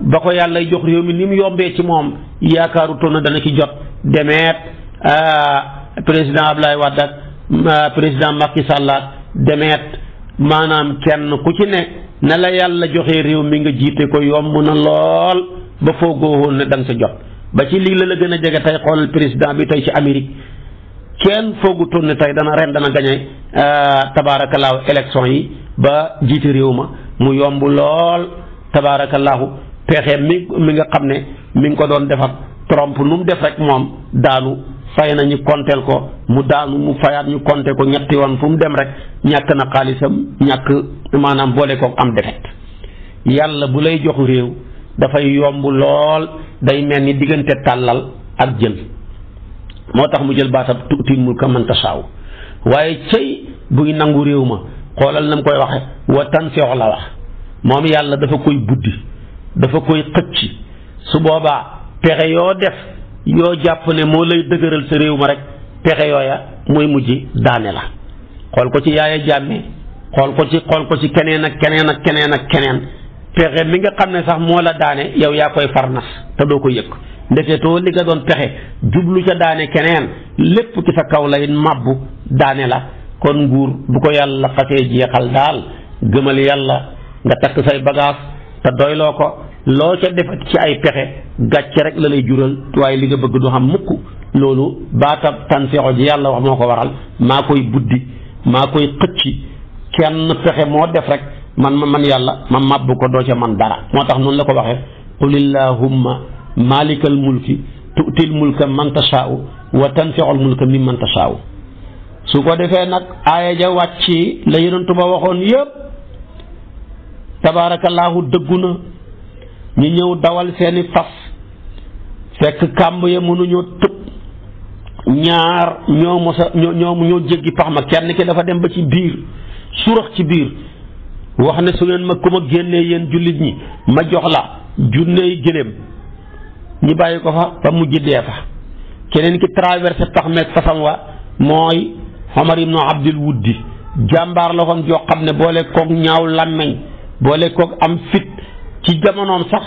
ba ko yàlla jox réew mi ni mu yombee ci moom yaakaaru ton na dana ci jot demeet eh, président lay wax ak président Macky Sall ak demeet maanaam kenn ku ci ne na la yàlla joxe réew mi nga jiite ko yomb na lool ba foogoo woon ne da nga jot ba ci lii la la gën a jege tey xool président bi tey ci Amérique kenn foogutoon ne tey dana ren dana gañe euh, tabaarakallaahu élection yi ba jiiti réew ma mu yomb lool tabaarakallaahu pexe mi mi nga xam ne mi ngi ko doon defar tromp nu mu def rek moom daanu fay na ñu konteel ko mu daanu mu fayaat ñu konte ko ñetti yoon fu mu dem rek ñàkk na xaalisam ñàkk maanaam boole kook am defet yàlla bu lay jox réew dafay yomb lool day mel ni diggante tàllal ak jël moo tax mu jël baatab tuuti mulka man tasaaw waaye cëy buy nangu réew ma xoolal na mu koy waxe wa tanfeex la wax moom yàlla dafa koy buddi dafa koy xëcc su boobaa pexe yoo def yoo jàpp ne moo lay dëgëral sa réew ma rek pexe yooya mooy mujj daane la xool ko ci yaaya jàmme xool ko ci xool ko ci keneen ak keneen ak keneen ak keneen pexe mi nga xam ne sax moo la daane yow yaa koy na te doo ko yëg ndefetoo li nga doon pexe jublu ca daane keneen lépp ci sa kaw lay màbbu daane la kon nguur bu ko yàlla la xasee jeexal daal gëmal yàlla nga takk say bagaas te doyloo ko loo ca defat ci ay pexe gàcce rek la lay jural waaye li nga bëgg du xam mukk loolu baatab tanfixo ji yàlla wax moo ko waral maa koy buddi maa koy xëcci kenn pexe moo def rek man ma man yàlla ma màbb ko doo ca man dara moo tax noonu la ko waxee qul illahumma malikal mulki tutil mulka man tashaau wa tanfiul mulka mi man tashaau su ko defee nag aaya ja wàcc la yonentu ba waxoon yépp tabaarakallaahu dëggu na ñu ñëw dawal seeni fas fekk kàmb ya mënuñoo tëb ñaar ñoo mosa ñoo ñoo jéggi pax ma kenn ki dafa dem ba ci biir surax ci biir wax ne su leen ma ku ma génnee yéen jullit ñi ma jox la junney gëléem ñi bàyyi ko fa ba mujj dee fa keneen ki traversé pax meeg fasam wa mooy Omar ibnu Abdul Wuddi jàmbaar la kon joo xam ne boole koog ñaaw làmmeñ boole koog am fit ci jamonoom sax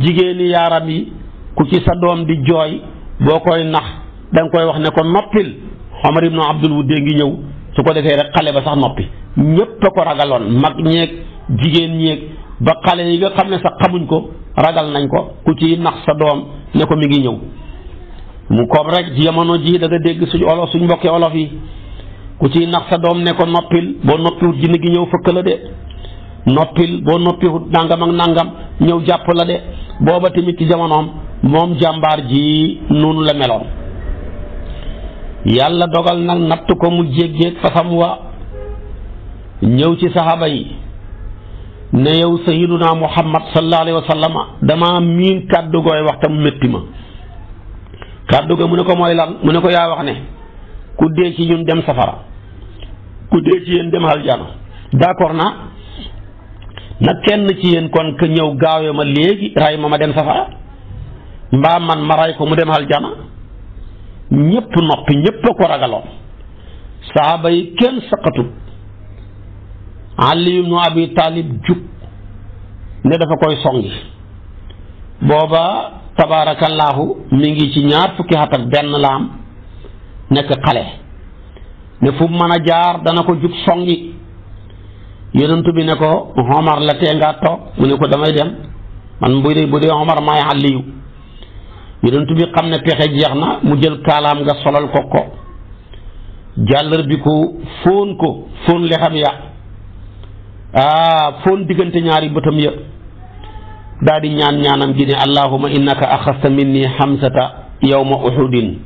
jigéeni yaaram yi ku ci sa doom di jooy boo koy nax da koy wax ne ko noppil Omar ibnu Abdul Wuddi ngi ñëw su ko defee rek xale ba sax noppi ñépp a ko ragaloon mag ñéeg jigéen ñeeg ba xale yi nga xam ne sax xamuñ ko ragal nañ ko ku ci nax sa doom ne ko mi ngi ñëw mu koom rek jamono ji da dégg suñ olof suñ mbokki olof yi ku ci nax sa doom ne ko noppil boo noppiwut jinn gi ñëw fëkk la de noppil boo noppiwut nangam ak nangam ñëw jàpp la de booba tamit ci jamonoom moom jàmbaar ji noonu la meloon yàlla dogal nag natt ko mu jéggéeg fasam wa ñëw ci saxaaba yi ne yow sayiduna muhammad sallallahu alayhi wa sallam damaa miin kàddu gooy wax te mu métti ma kàddu ga mu ne ko mooy lan mu ne ko yaa wax ne ku dee ci ñun dem safara ku dee ci yéen dem aljana d'accord naa na kenn ci yéen kon que ñëw gaawee ma léegi ray ma ma dem safara mbaa man ma ray ko mu dem aljana ñëpp noppi ñëpp a ko ragaloon saaba yi kenn saqatut Ali ibnu Abi Taalib jug ne dafa koy songi booba tabaarakallaahu mi ngi ci ñaar fukki at ak benn laam nekk xale ne fu mën a jaar dana ko jug songi yonent bi ne ko Omar la tee ngaa toog mu ne ko damay dem man bu dee bu dee Omar maay Aliyu yonent bi xam ne pexe jeex na mu jël kaalaam nga solal ko ko jàllar ko fóon ko fóon lexam ya ah fóon diggante ñaari bëtam ya daal ñaan ñaanam gi ne allahuma innaka axasta minni xamsata yowma uhudin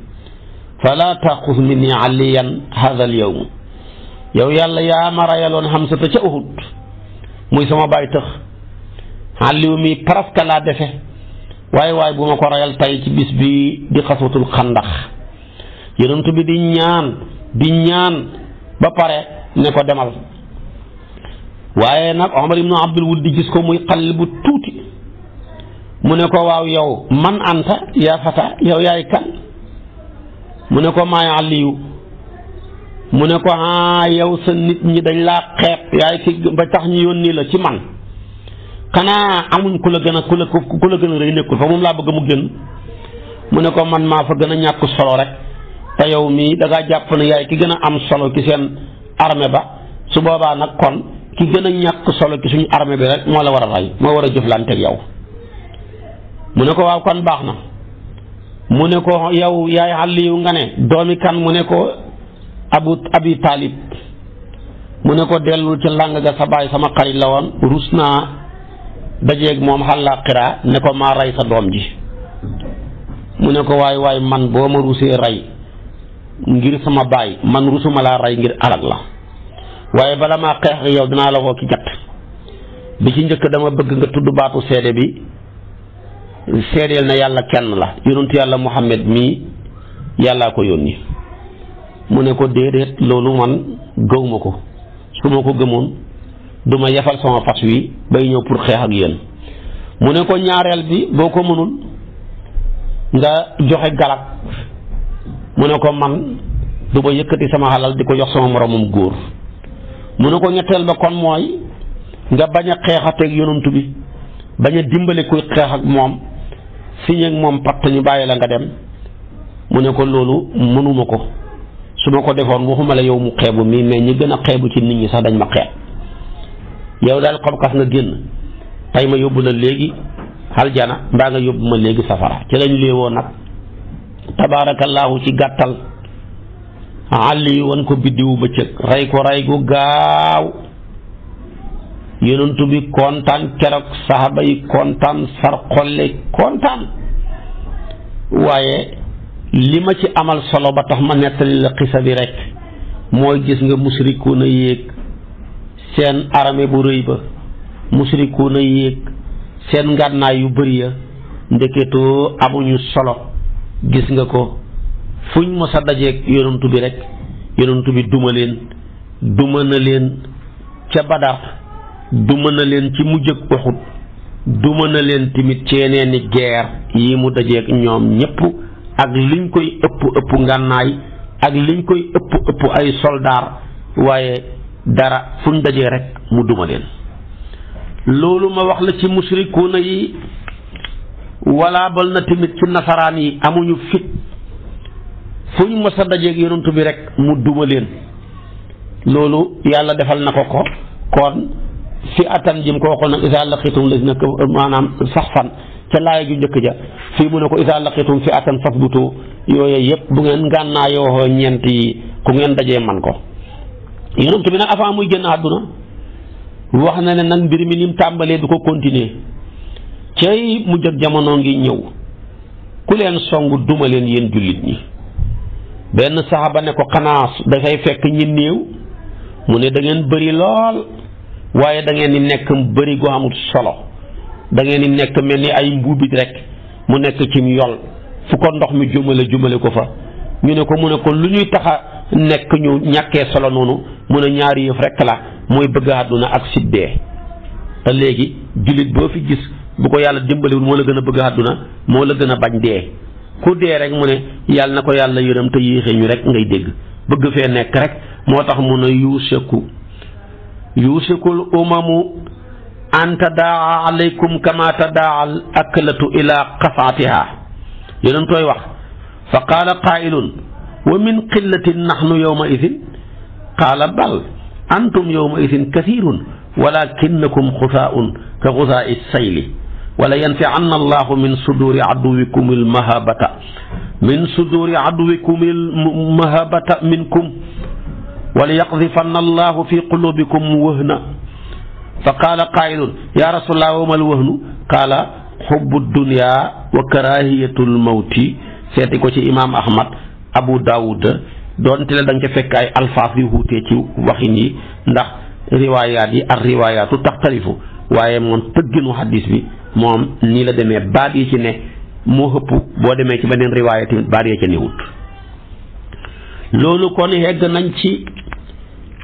fala taxus minni aliyan hada al yowm yow yàlla yaa ma rayaloon xamsata ca uhud muy sama bàyyi tëx aliyu mi presque laa defe waaye waaye bu ma ko reyal tay ci bis bi di xaswatul xandax yonent bi di ñaan di ñaan ba pare ne ko demal waaye nag Omar ibnu Abdul Wuddi gis ko muy xale bu tuuti mu ne ko waaw yow man anta yaa fata yow yaay kan mu ne ko maay Aliyu mu ne ko ah yow sa nit ñi dañ laa xeeb yaay ki ba tax ñu yónni la ci man kanaa amuñ ku la gën a ku la ku la gën a rëy nekkul fa moom laa bëgg mu génn mu ne ko man maa fa gën a ñàkk solo rek te yow mii dangaa ngaa jàpp ne yaay ki gën a am solo ci seen armée ba su boobaa nag kon ki gën a ñàkk solo ci suñu armée bi rek moo la war a rey moo war a jëflanteeg yow mu ne ko waaw kon baax na mu ne ko yow yaay xàlli yu nga ne doomi kan mu ne ko abu abi taalib mu ne ko dellu ci làng ga sa baay sama xarit la woon rus naa dajeeg moom xàllaaxira ne ko maa rey sa doom ji mu ne ko waay waay man boo ma rusee rey ngir sama baay man rusuma laa rey ngir alal la waaye bala ma xeex yow dinaa la ko ci jat bi ci njëkk dama bëgg nga tudd baatu seede bi seedeel na yàlla kenn la yonentu yàlla Muhammad mii yàllaa ko yónni mu ne ko déedéet loolu man gëwma ko su ma ko gëmoon du ma yefal sama fas wi bay ñëw pour xeex ak yéen mu ne ko ñaareel bi boo ko mënul nga joxe galak mu ne ko man du ma yëkkati sama xalal di ko yox sama moromam góor mu ne ko ñetteel ba kon mooy nga bañ a xeexateeg yonantu bi bañ a dimbale kuy xeex ak moom siñeeg moom patt ñu bàyyi la nga dem mu ne ko loolu mënuma ko su ma ko defoon waxuma la yow mu xeebu mii mais ñi gën a xeebu ci nit ñi sax dañ ma xeeb yow daal xobxas nga génn tey ma yóbbu la léegi aljana mbaa nga yóbbu ma léegi safara ci lañ léewoo nag tabaarakallaahu ci gàttal àll yi wan ko biddiwu bëccëg rey ko rey gu gaaw yonent bi kontaan keroog saxaaba yi kontaan sarxolle kontaan waaye li ma ci amal solo ba tax ma nettali la xisa bi rekk mooy gis nga musrikuuna yéeg seen arame bu rëy ba na yéeg seen ngànnaay yu bëri ya ndeketoo abuñu solo gis nga ko fuñ mos a dajeeg yonantu bi rek yonantu bi duma leen duma na leen ca Badar duma na leen ci mujj ak Uhud duma na leen tamit ci yeneeni guerre yi mu dajeeg ñoom ñépp ak liñ koy ëpp ëpp ngànnaay ak liñ koy ëpp ëpp ay soldaar waaye dara fu ñu dajee rek mu duma leen loolu ma wax la ci musrikuuna yi walaabal na tamit ci nasaraan yi amuñu fit fu ñu mës a dajeeg yonent bi rek mu duma leen loolu yàlla defal na ko ko kon fi atan jim ko waxoon nag isa laqitum lazina maanaam sax fan ca laaya ju njëkk ja fii mu ne ko isa laqitum fi atan fasbutu yooyu yëpp bu ngeen ngànnaayoo ñeent yi ku ngeen dajee man ko yonent bi nag avant muy génn àdduna wax na ne nag mbir mi ni mu tàmbalee du ko continuer cey mu jëg jamono ngi ñëw ku leen songu duma leen yéen jullit ñi benn saxaba ne ko xanaa dafay fekk ñi néew mu ne da ngeen bëri lool waaye dangeen di nekk bari gu amul solo dangeen di nekk mel ni ay mbuubit rek mu nekk ci yol fu ko ndox mi jumale jumale ko fa ñu ne ko mu ne ko lu ñuy taxa nekk ñu ñàkkee solo noonu mun a ñaari yëf rekk la mooy bëgg àdduna ak siddee te léegi jullit boo fi gis bu ko yàlla dimbaliwul moo la gën a bëgg àdduna moo la gën a bañ dee ku dee rek mu ne yàlla na ko yàlla yërëm te yéexee ñu rek ngay dégg bëgg fee nekk rek moo tax mun a yuuseku yuusekul umamu an tadaa alaykum kama tadaal akalatu ila qafaatiha yonentooy wax fa qaala qaailun wa min qillatin nahnu yawma idin qaala bal antum yawma idin kathirun walakinnakum xusaa'un ka xusaa'i sayli wala yanzi'anna allahu min suduri aduwikum almahabata min suduri aduwikum almahabata minkum wala yaqdifanna allahu fi qulubikum wahna fa qaala qaa'ilun yaa rasulallah wa mal wahnu qaala xubbu dunya wa karaahiyatul mawti seeti ko ci imaam Ahmad abu daawuda doonte ne da nga ca fekk ay alfaaf yu wuutee ci waxin yi ndax riwaayaat yi ak riwaayaatu taxtalifu waaye moom tëgginu xaddis bi moom nii la demee baat yi ci ne moo xëpp boo demee ci beneen riwaaya tamit baat yi ca newut loolu kon yegg nañ ci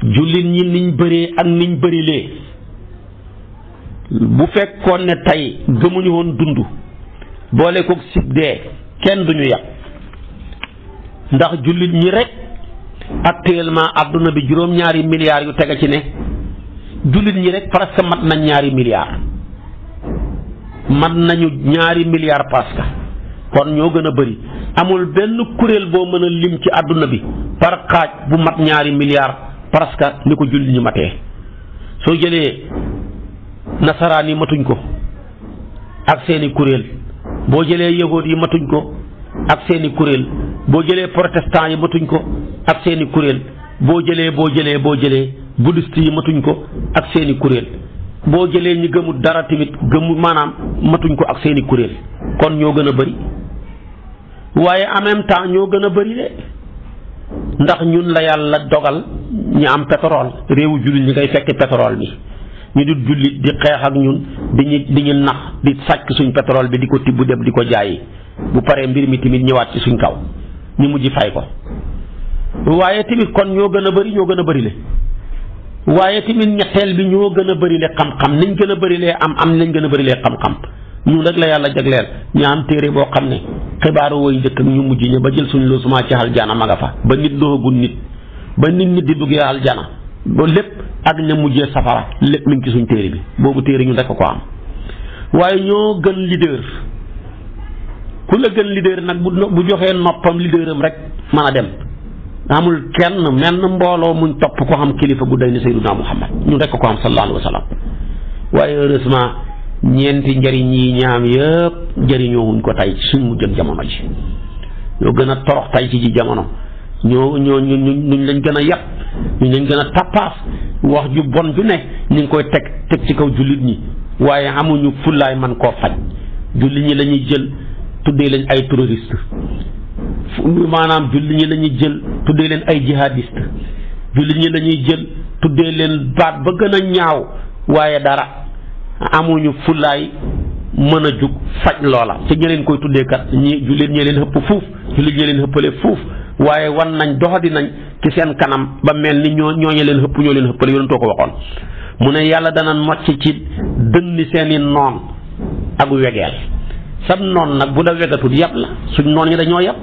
jullit ñi niñ bëree ak niñ bërilee bu fekkoon ne tey gëmuñu woon dund boole kook sib dee kenn duñu yàq ndax jullit ñi rek actuellement àdduna bi juróom-ñaari milliards yu tege ci ne jullit ñi rek presque mat nañ ñaari milliards mat nañu ñaari milliards presque kon ñoo gën a bëri amul benn kuréel boo mën a lim ci àdduna bi par xaaj bu mat ñaari milliards presque ni ko jullit ñi mate soo jëlee nasaraan yi matuñ ko ak seeni kuréel boo jëlee yëgoot yi matuñ ko ak seen i kuréel boo jëlee protestant yi matuñ ko ak seen kuréel boo jëlee boo jëlee boo jëlee bouddhiste yi matuñ ko ak seeni kuréel boo jëlee ñi gëmul dara tamit gëmul maanaam matuñ ko ak seen kuréel kon ñoo gën a bëri waaye en même temps ñoo gën a bëri de ndax ñun la yàlla dogal ñu am pétrole réewu jullit ñi ngay fekk pétrole bi ñu dul jullit di xeex ak ñun di ñu di ñu nax di sàcc suñ pétrole bi di ko tibb dem di ko jaayi bu paree mbir mi tamit ñëwaat ci suñ kaw ñu mujj fay ko waaye tamit kon ñoo gën a bëri ñoo gën a bërile waaye tamit ñetteel bi ñoo gën a bërile xam-xam niñ gën a lee am am lañ gën a lee xam-xam ñu rek la yàlla jagleel ñu am téere boo xam ne xibaaru woy njëkk ñu mujj ñu ba jël suñu loosuma ci aljana ma nga fa ba nit doogul nit ba nit nit di duggee aljana ba lépp ak ña mujjee safara lépp mi ngi ci suñ téere bi boobu téere ñun rek ko am ku la gën leader nag bu bu joxee noppam leaderam rek mën a dem amul kenn menn mbooloo muñ topp ko xam kilifa gu day ni Sayyiduna Muhammad ñun rek ko am sallallahu alayhi wa sallam waaye heureusement ñeenti njëriñ yi ñaam yëpp njëriñoowuñ ko tey suñ mu jëm jamono ji ñoo gën a torox tey ci ji jamono ñoo ñoo ñu ñu lañ gën a yàq ñu lañ gën a tappaas wax ju bon ju ne ñu ngi koy teg teg ci kaw jullit ñi waaye amuñu fullaay man koo faj jullit ñi lañuy jël tuddee leen ay terroriste maanaam julli ñi la jël tuddee leen ay jihadiste julli ñi la ñuy jël tuddee leen baat ba gën a ñaaw waaye dara amuñu fulaay mën a jug faj loola ci ñi leen koy tuddeekat ñi jullit ñi leen hëpp fuuf jullit ñi leen hëppale fuuf waaye wan nañ doxadi nañ ci seen kanam ba mel ni ñoo ñoo ñooñu leen hëpp ñoo leen hëppale yoonu too ko waxoon mu ne yàlla dana mocc ci dënni seeni noon ak wegeel sab noon nag bu la wegatul yàpp la suñ noon ñi dañoo yàpp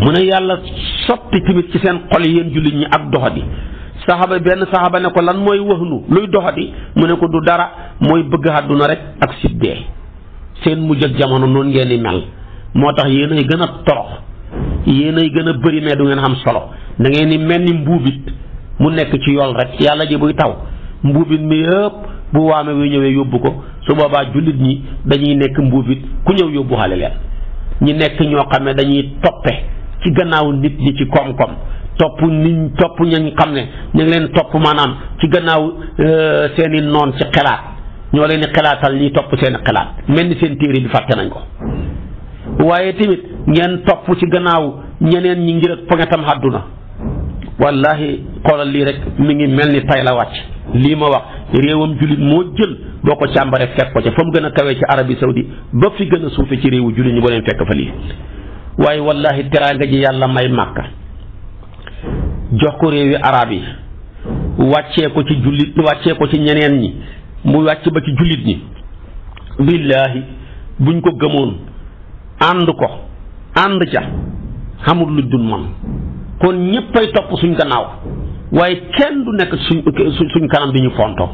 mu ne yàlla sotti tamit ci seen xol yéen jullit ñi ak doxadi saxaba benn saxaba ne ko lan mooy waxnu luy doxadi mu ne ko du dara mooy bëgg xàdduna rek ak siddee seen mujj ak jamono noonu ngeen di mel moo tax yéen ay gën a torox yéen ay gën a bëri mais du ngeen am solo da ngeen di mel ni mbuubit mu nekk ci yool rek yàlla ji buy taw mbuubit mi yëpp bu waame wi ñëwee yóbbu ko su boobaa jullit ñi dañuy nekk mbuubit ku ñëw yóbbu xale leen ñi nekk ñoo xam ne dañuy toppe ci gannaaw nit ñi ci koom-koom topp niñ topp ñañ xam ne ñu ngi leen topp maanaam ci gannaaw euh, seeni noon ci xelaat ñoo leen di xelaatal ñi topp seen xelaat mel ni seen bi fàtte nañ ko waaye tamit ngeen topp ci gannaaw ñeneen ñi ngir ak poñetam àdduna wallahi xoolal lii rek mu ngi mel ni tay la wàcc lii ma wax réewam jullit moo jël boo ko càmbaree fekk ko ca fa mu gën a kawee ci arab Arabie Saoudi ba fi gën a suufe ci réewu jullit ñi boo leen fekk fa lii waaye wallahi teraanga ji yàlla may màkka jox ko réewi arab yi wàccee ko ci jullit wàccee ko ci ñeneen ñi mu wàcc ba ci jullit ñi billaahi buñ ko gëmoon ànd ko ànd ca xamul lu dul man kon ñéppay topp suñ gannaaw waaye kenn du nekk suñ suñ kanam di ñu fonto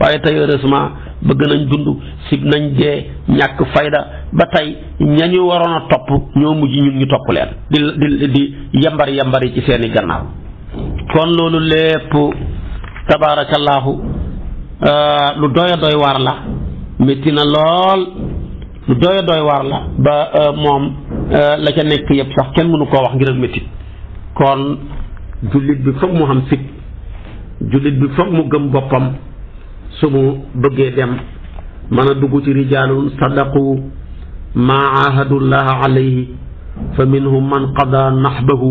waaye tey heureusement bëgg nañ dund sib nañ dee ñàkk fayda ba tey ñañu waroon a topp ñoo mujj ñu ñu topp leen di di di yambari yambari ci seeni gannaaw kon loolu lépp tabaarakallaahu euh, lu doy doy waar la métti na lool lu doy doy waar la ba euh, moom euh, la ca nekk yëpp sax kenn mënu koo wax ngir ak métti kon jullit bi foog mu xam fit jullit bi foog mu gëm boppam su mu bëggee dem mën a dugg ci rijaalun sadaqu maa ahadullaha alayhi fa minhum man qada nahbahu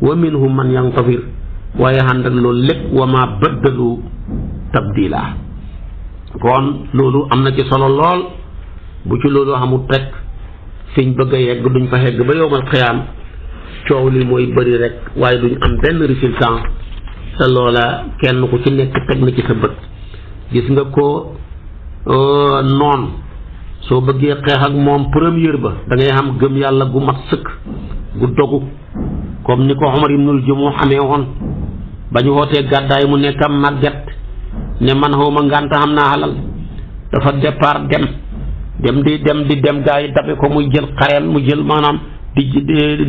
wa minhum man yantazir waaye ànd ak lépp wa ma baddalu tabdila kon loolu am na ci solo lool bu ci loolu xamut rek fiñ bëgg a yegg duñ fa yegg ba yowmal qiyaam coow li mooy bëri rek waaye duñ am benn résultat te loola kenn ku ci nekk teg na ci sa bët gis nga ko euh, noon soo bëggee xeex ak moom première ba dangay am gëm yàlla gu mat sëkk gu dogu comme ni ko Omar ibnul Jumu xamee woon ba ñu wootee gàddaay mu nekk am màgget ne man xawma ngànt xam naa xalal dafa départ dem dem di dem di dem gaa yi dabe ko muy jël xareel mu jël maanaam di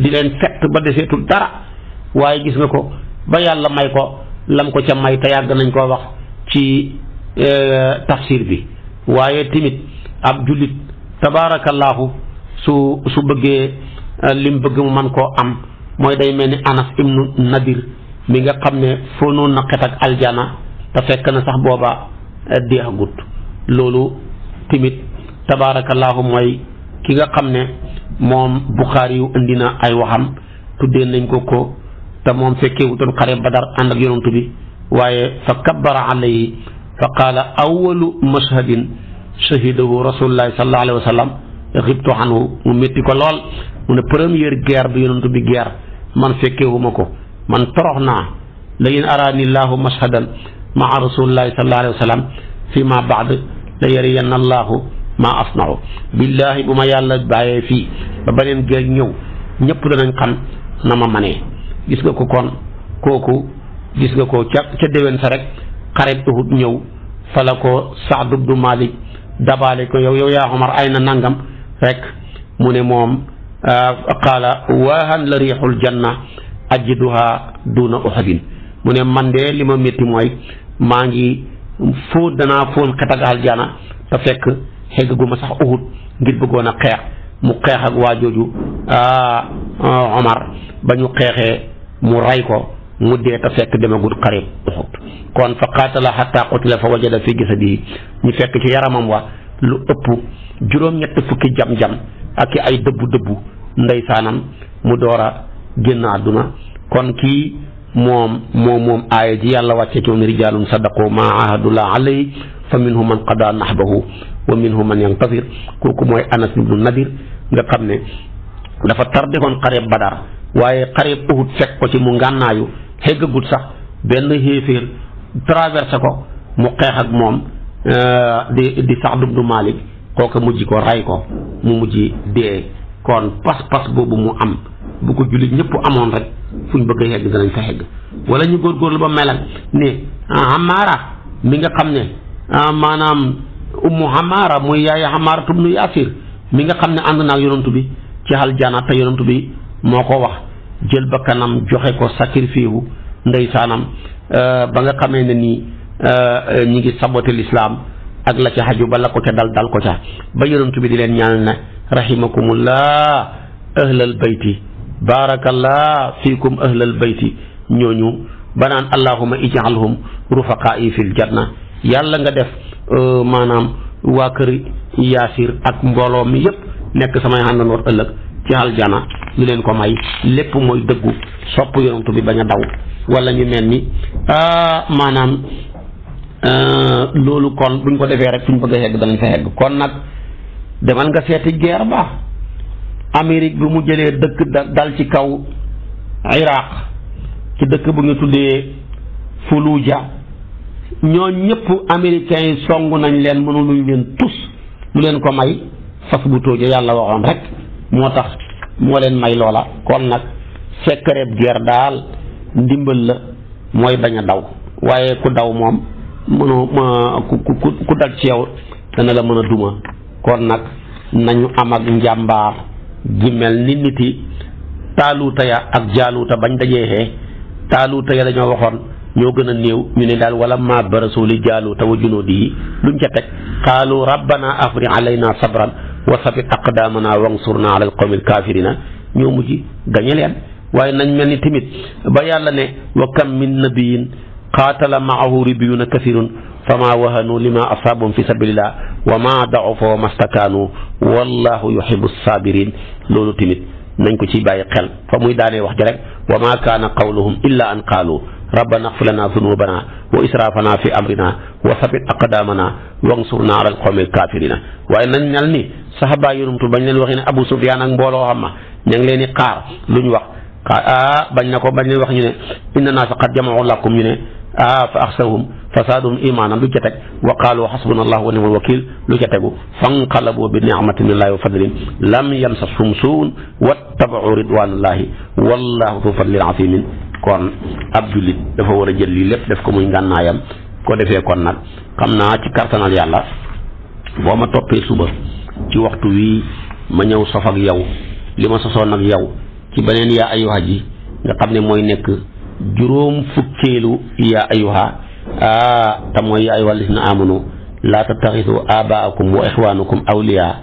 di leen fett ba deseetul dara waaye gis nga ko ba yàlla may ko lam ko ca may te yàgg nañ koo wax ci e, tafsir bi waaye timit ab jullit tabaarakallaahu su su bëggee e, lim bëgg mu man koo am mooy day mel ni anas ibnu nadir mi nga xam ne foo noon na xet ak aljana te fekk na sax booba e, deexagut loolu timit tabaarakallaahu mooy ki nga xam ne moom Buxaari yu indi na ay waxam tuddee nañ ko ko te moom fekkee wutoon xare Badar ànd ak yonantu bi waaye fa kabbara alayhi fa qaala awalu mashhadin shahidahu rasulullahi sallallahu alayhi wa sallam xibtu anhu mu métti ko lool mu ne première guerre bi yonantu bi guerre man fekkeewuma ko man torox naa la in araani llahu mashhadan maa rasulillahi sallallahu alayhi wa sallam fi ma baad la yariyanna allahu maa asnau billaahi bu ma yàlla bàyyee fii ba beneen géej ñëw ñëpp danañ xam na ma manee gis nga ko kon kooku gis nga ko ca ca déwén sa rek xarit Uhud ñëw fa la ko Saad ibnu Maalik dabaale ko yow yow yaa Omar ay na nangam rek mu ne moom ah, qaala waahan la riixul janna ajiduha duuna uhadin mu ne man de li ma métti mooy maa ngi fóot danaa fóon xet ak aljana te fekk xegguma sax uhud ngir bëggoon a xeex mu xeex ak waa jooju ah, ah, Omar ba ñu xeexee mu rey ko mu dee te fekk demagul xarib uhud kon fa qaatala xatta qutila fa wajada fi jasadihi ñu fekk ci yaramam wa lu ëpp juróom-ñett fukki jam-jam ak ay dëbbu-dëbbu ndeysaanam mu doora a génn àdduna kon kii moom moom moom aaya ji yàlla wàcce ci woon rijaalun sadaqu maa ahadullah alayhi fa minhum man qadaa nahbahu wa minhum man yantasir kooku mooy anas ibnu nadir nga xam ne dafa tardé woon xareeb badar waaye xareeb uhud fekk ko ci mu ngànnaayu xéggagut sax benn xéeféer traversé ko mu xeex ak moom euh, di di sax du malik kooku mujj ko ray ko mu mujj dee kon pas-pas boobu mu am bu ko jullit ñëpp amoon rek fu ñu bëgg a yegg danañ fa yegg wala ñu góorgóorlu ba melal ne amaara mi nga xam ne ah, maanaam ummu Amaara muy yaay Amaaratu bnu Yaasir mi nga xam ne ànd naag yonantu bi ci aljana te yonantu bi moo ko wax jël bakkanam joxe ko sacrifice wu ndeysaanam euh, ba nga xamee ne nii euh, ñi ngi saboté lislaam ak la ca xaju ba la ko ca dal dal ko ca ba yonantu bi di leen ñaanal ne rahimakumullah ahlal bayti baarakallah fiikum ahlal bayti ñooñu banaan allahuma ijalhum rufaqaa'i fil janna yàlla nga def Euh, maanaam waa kër yaasir ak mbooloo mi yépp nekk samay àndandoor ëllëg ci aljana lu leen ko may lépp mooy dëggu sopp yonantu bi bañ a daw wala ñu mel ni ah, maanaam euh, loolu kon buñ ko defee rek fu ñu bëgg a yegg danañ fa yegg kon nag demal nga seeti guerre ba Amérique bi mu jëlee dëkk dal ci kaw Iraq ci dëkk bu ñu tuddee Fuluja ñoo ñëpp américains yi song nañ leen mënuluñ leen tus lu leen ko may fas bu tóoje yàlla waxoon rek moo tax moo leen may loola kon nag secret guerre daal ndimbal la mooy bañ a daw waaye ku daw moom mënoo ma ku ku ku dal ci yow dana la mën a duma kon nag nañu am ak njàmbaar ji mel ni nit yi taaluuta ya ak jaaluuta bañ dajee taaluuta ya dañoo waxoon ñoo gën a néew ñu ne daal wala ma barasuli jaalu tawa junoodi yi luñ ca teg qaalu rabbana afri alayna sabran wa sabit aqdaamana wansurna ala alqawmi alkaafirina ñoo mujj gañe leen waaye nañ mel ni tamit ba yàlla ne wa kam min nabiyin qaatala maahu ribiyuna kathirun fama wahanu lima asaabum fi sabilillah wa ma daofa wa mastakaanu wallahu yuhibu sabirin loolu tamit nañ ko ciy bàyyi xel fa muy daanee wax ji rek wa maa kaana qawluhum illa an qaalu rabbana xfir lana zunubana wa israafana fi amrina wa sabit aqdamana wansurna ala alqawmi alkafirina waaye nañ nal ni saxabaa yonumtu bañ leen waxee ne Abu Sufyaan ak mbooloo xam ma ña ngi leen aa xaar luñ wax xaar ah bañ na ko bañ leen wax ñu ne inna naasa qad jamaau lakum ñu ne ah fa axsawhum fasaadum imaanam lu ca teg wa qaalu xasbuna allah wa nimal wakiil lu ca ni fanqalabu bi nicmatin minallaahi wa fadlin lam yamsashum suun wattabacu ridwaanallaahi wallaahu du fadlin aziimin kon ab jullit dafa war a jël lii lépp def ko muy ngànnaayam ko defee kon nag xam naa ci kartanal yàlla boo ma toppee suba ci waxtu wii ma ñëw sof yow li ma sosoon ak yow ci beneen yaa ayyuha ji nga xam ne mooy nekk juróom fukkeelu yaa ayuha aa te mooy yaa ayuha alladina amanu laa tattaxidu abaakum wa ixwaanukum awliyaa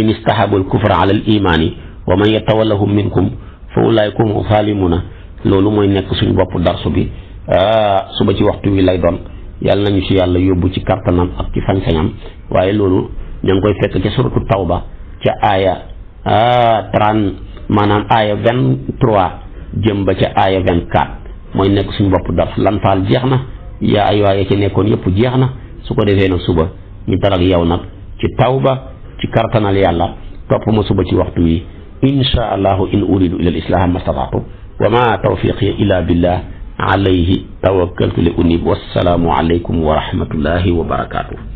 in istahabu alkufra ala al imaani wa man yatawallahum minkum fa ulaayka hum zaalimuuna loolu mooy nekk suñu bopp darsu bi aa suba ci waxtu wi lay doon yàlla nañu ci yàlla yóbbu ci kartanam ak ci sañ-sañam waaye loolu ña ngi koy fekk ca suratu tawba ca aaya trente maanaam aaya vingt ca aaya mooy nekk suñ bopp dar lan faal jeex na yaa ay waaye ci nekkoon yëpp jeex na su ko defee nag suba ñu darak yow nag ci tawba ci kartanal yàlla topp ma suba ci waxtu wi insha allahu in uridu ila al islaha mastataatu wa ma tawfiqi illa billah alayhi tawakkaltu li unib wassalaamu alaykum wa rahmatullahi wa barakatuh